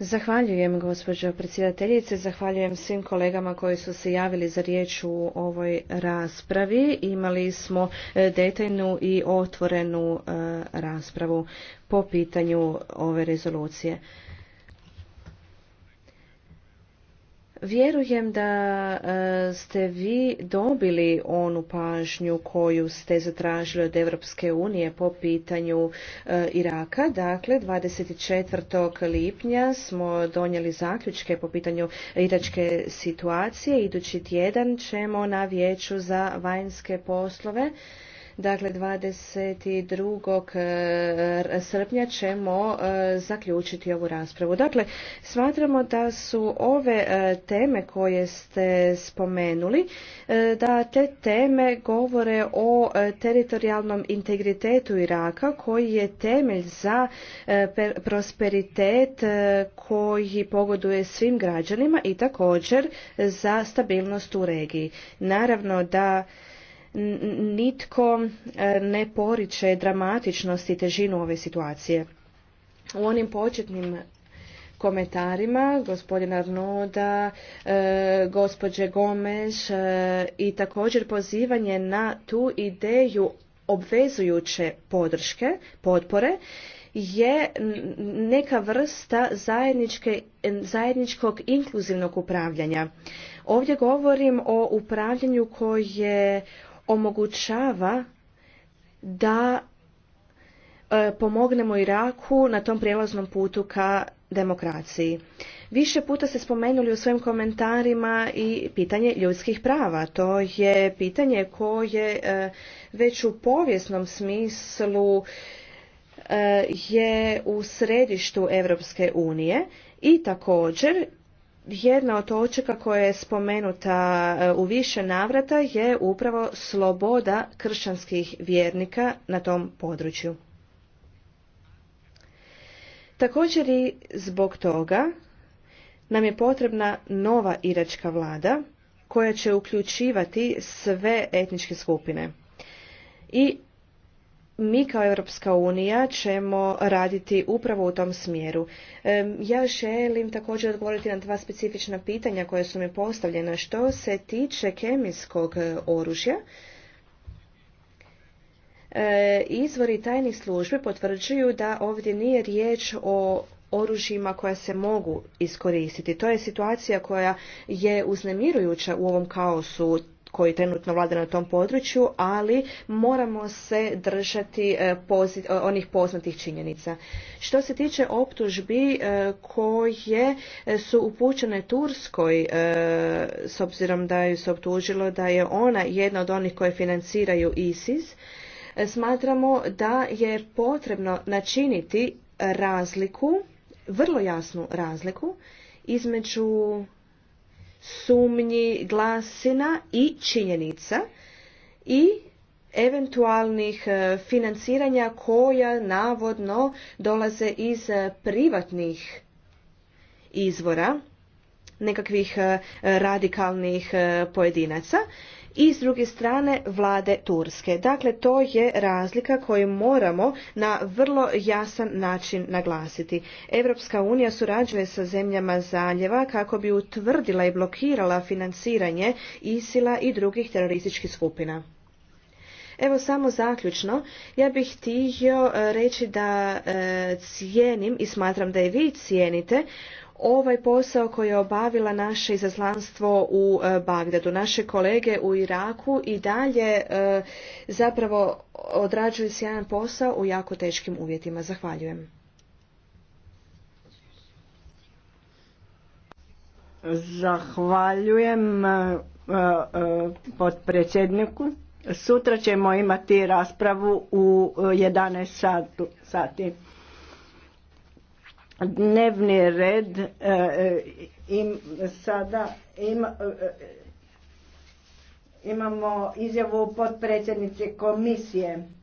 Zahvaljujem gospođo predsjedateljice, zahvaljujem svim kolegama koji su se javili za riječ u ovoj raspravi. Imali smo e, detaljnu i otvorenu e, raspravu po pitanju ove rezolucije. Vjerujem da e, ste vi dobili onu pažnju koju ste zatražili od Europske unije po pitanju e, Iraka. Dakle, 24. lipnja smo donijeli zaključke po pitanju iračke situacije. Idući tjedan ćemo na vijeću za vanjske poslove Dakle, 22. E, srpnja ćemo e, zaključiti ovu raspravu. Dakle, smatramo da su ove e, teme koje ste spomenuli, da te teme govore o teritorijalnom integritetu Iraka koji je temelj za prosperitet koji pogoduje svim građanima i također za stabilnost u regiji. Naravno da nitko e, ne poriče dramatičnost i težinu ove situacije. U onim početnim komentarima gospodina Arnoda, e, gospođe Gomes e, i također pozivanje na tu ideju obvezujuće podrške, potpore, je neka vrsta zajedničkog inkluzivnog upravljanja. Ovdje govorim o upravljanju koje omogućava da e, pomognemo Iraku na tom prijelaznom putu ka demokraciji. Više puta ste spomenuli u svojim komentarima i pitanje ljudskih prava. To je pitanje koje e, već u povijesnom smislu e, je u središtu Europske unije i također jedna od točaka koja je spomenuta e, u više navrata je upravo sloboda kršćanskih vjernika na tom području. Također i zbog toga nam je potrebna nova iračka vlada koja će uključivati sve etničke skupine. I mi kao Europska unija ćemo raditi upravo u tom smjeru. Ja želim također odgovoriti na dva specifična pitanja koje su mi postavljena. Što se tiče kemijskog e, oružja, e, izvori tajnih službi potvrđuju da ovdje nije riječ o oružjima koja se mogu iskoristiti. To je situacija koja je uznemirujuća u ovom kaosu koji trenutno vladaju na tom području, ali moramo se držati e, onih poznatih činjenica. Što se tiče optužbi e, koje e, su upućene Turskoj, s obzirom da ju se optužilo da je ona jedna od onih koje financiraju ISIS, smatramo da je potrebno načiniti razliku, vrlo jasnu razliku, između sumnji, glasina i činjenica i eventualnih e, financiranja koja navodno dolaze iz e, privatnih izvora nekakvih e, radikalnih pojedinaca i s druge strane vlade Turske. Dakle, to je razlika koju moramo na vrlo jasan način naglasiti. Europska unija surađuje sa zemljama zaljeva kako bi utvrdila i blokirala financiranje Isila i drugih terorističkih skupina. Evo samo zaključno, ja bih htio e, reći da e, cijenim i smatram da i vi cijenite ovaj posao koji je obavila naše izazlanstvo u e, Bagdadu. Naše kolege u Iraku i dalje e, zapravo odrađuju sjajan posao u jako teškim uvjetima. Zahvaljujem.
Zahvaljujem e, podpredsjedniku. Sutra ćemo imati raspravu u 11 sati dnevni red e, e, im sada e, imamo izjavu potpredsjednice komisije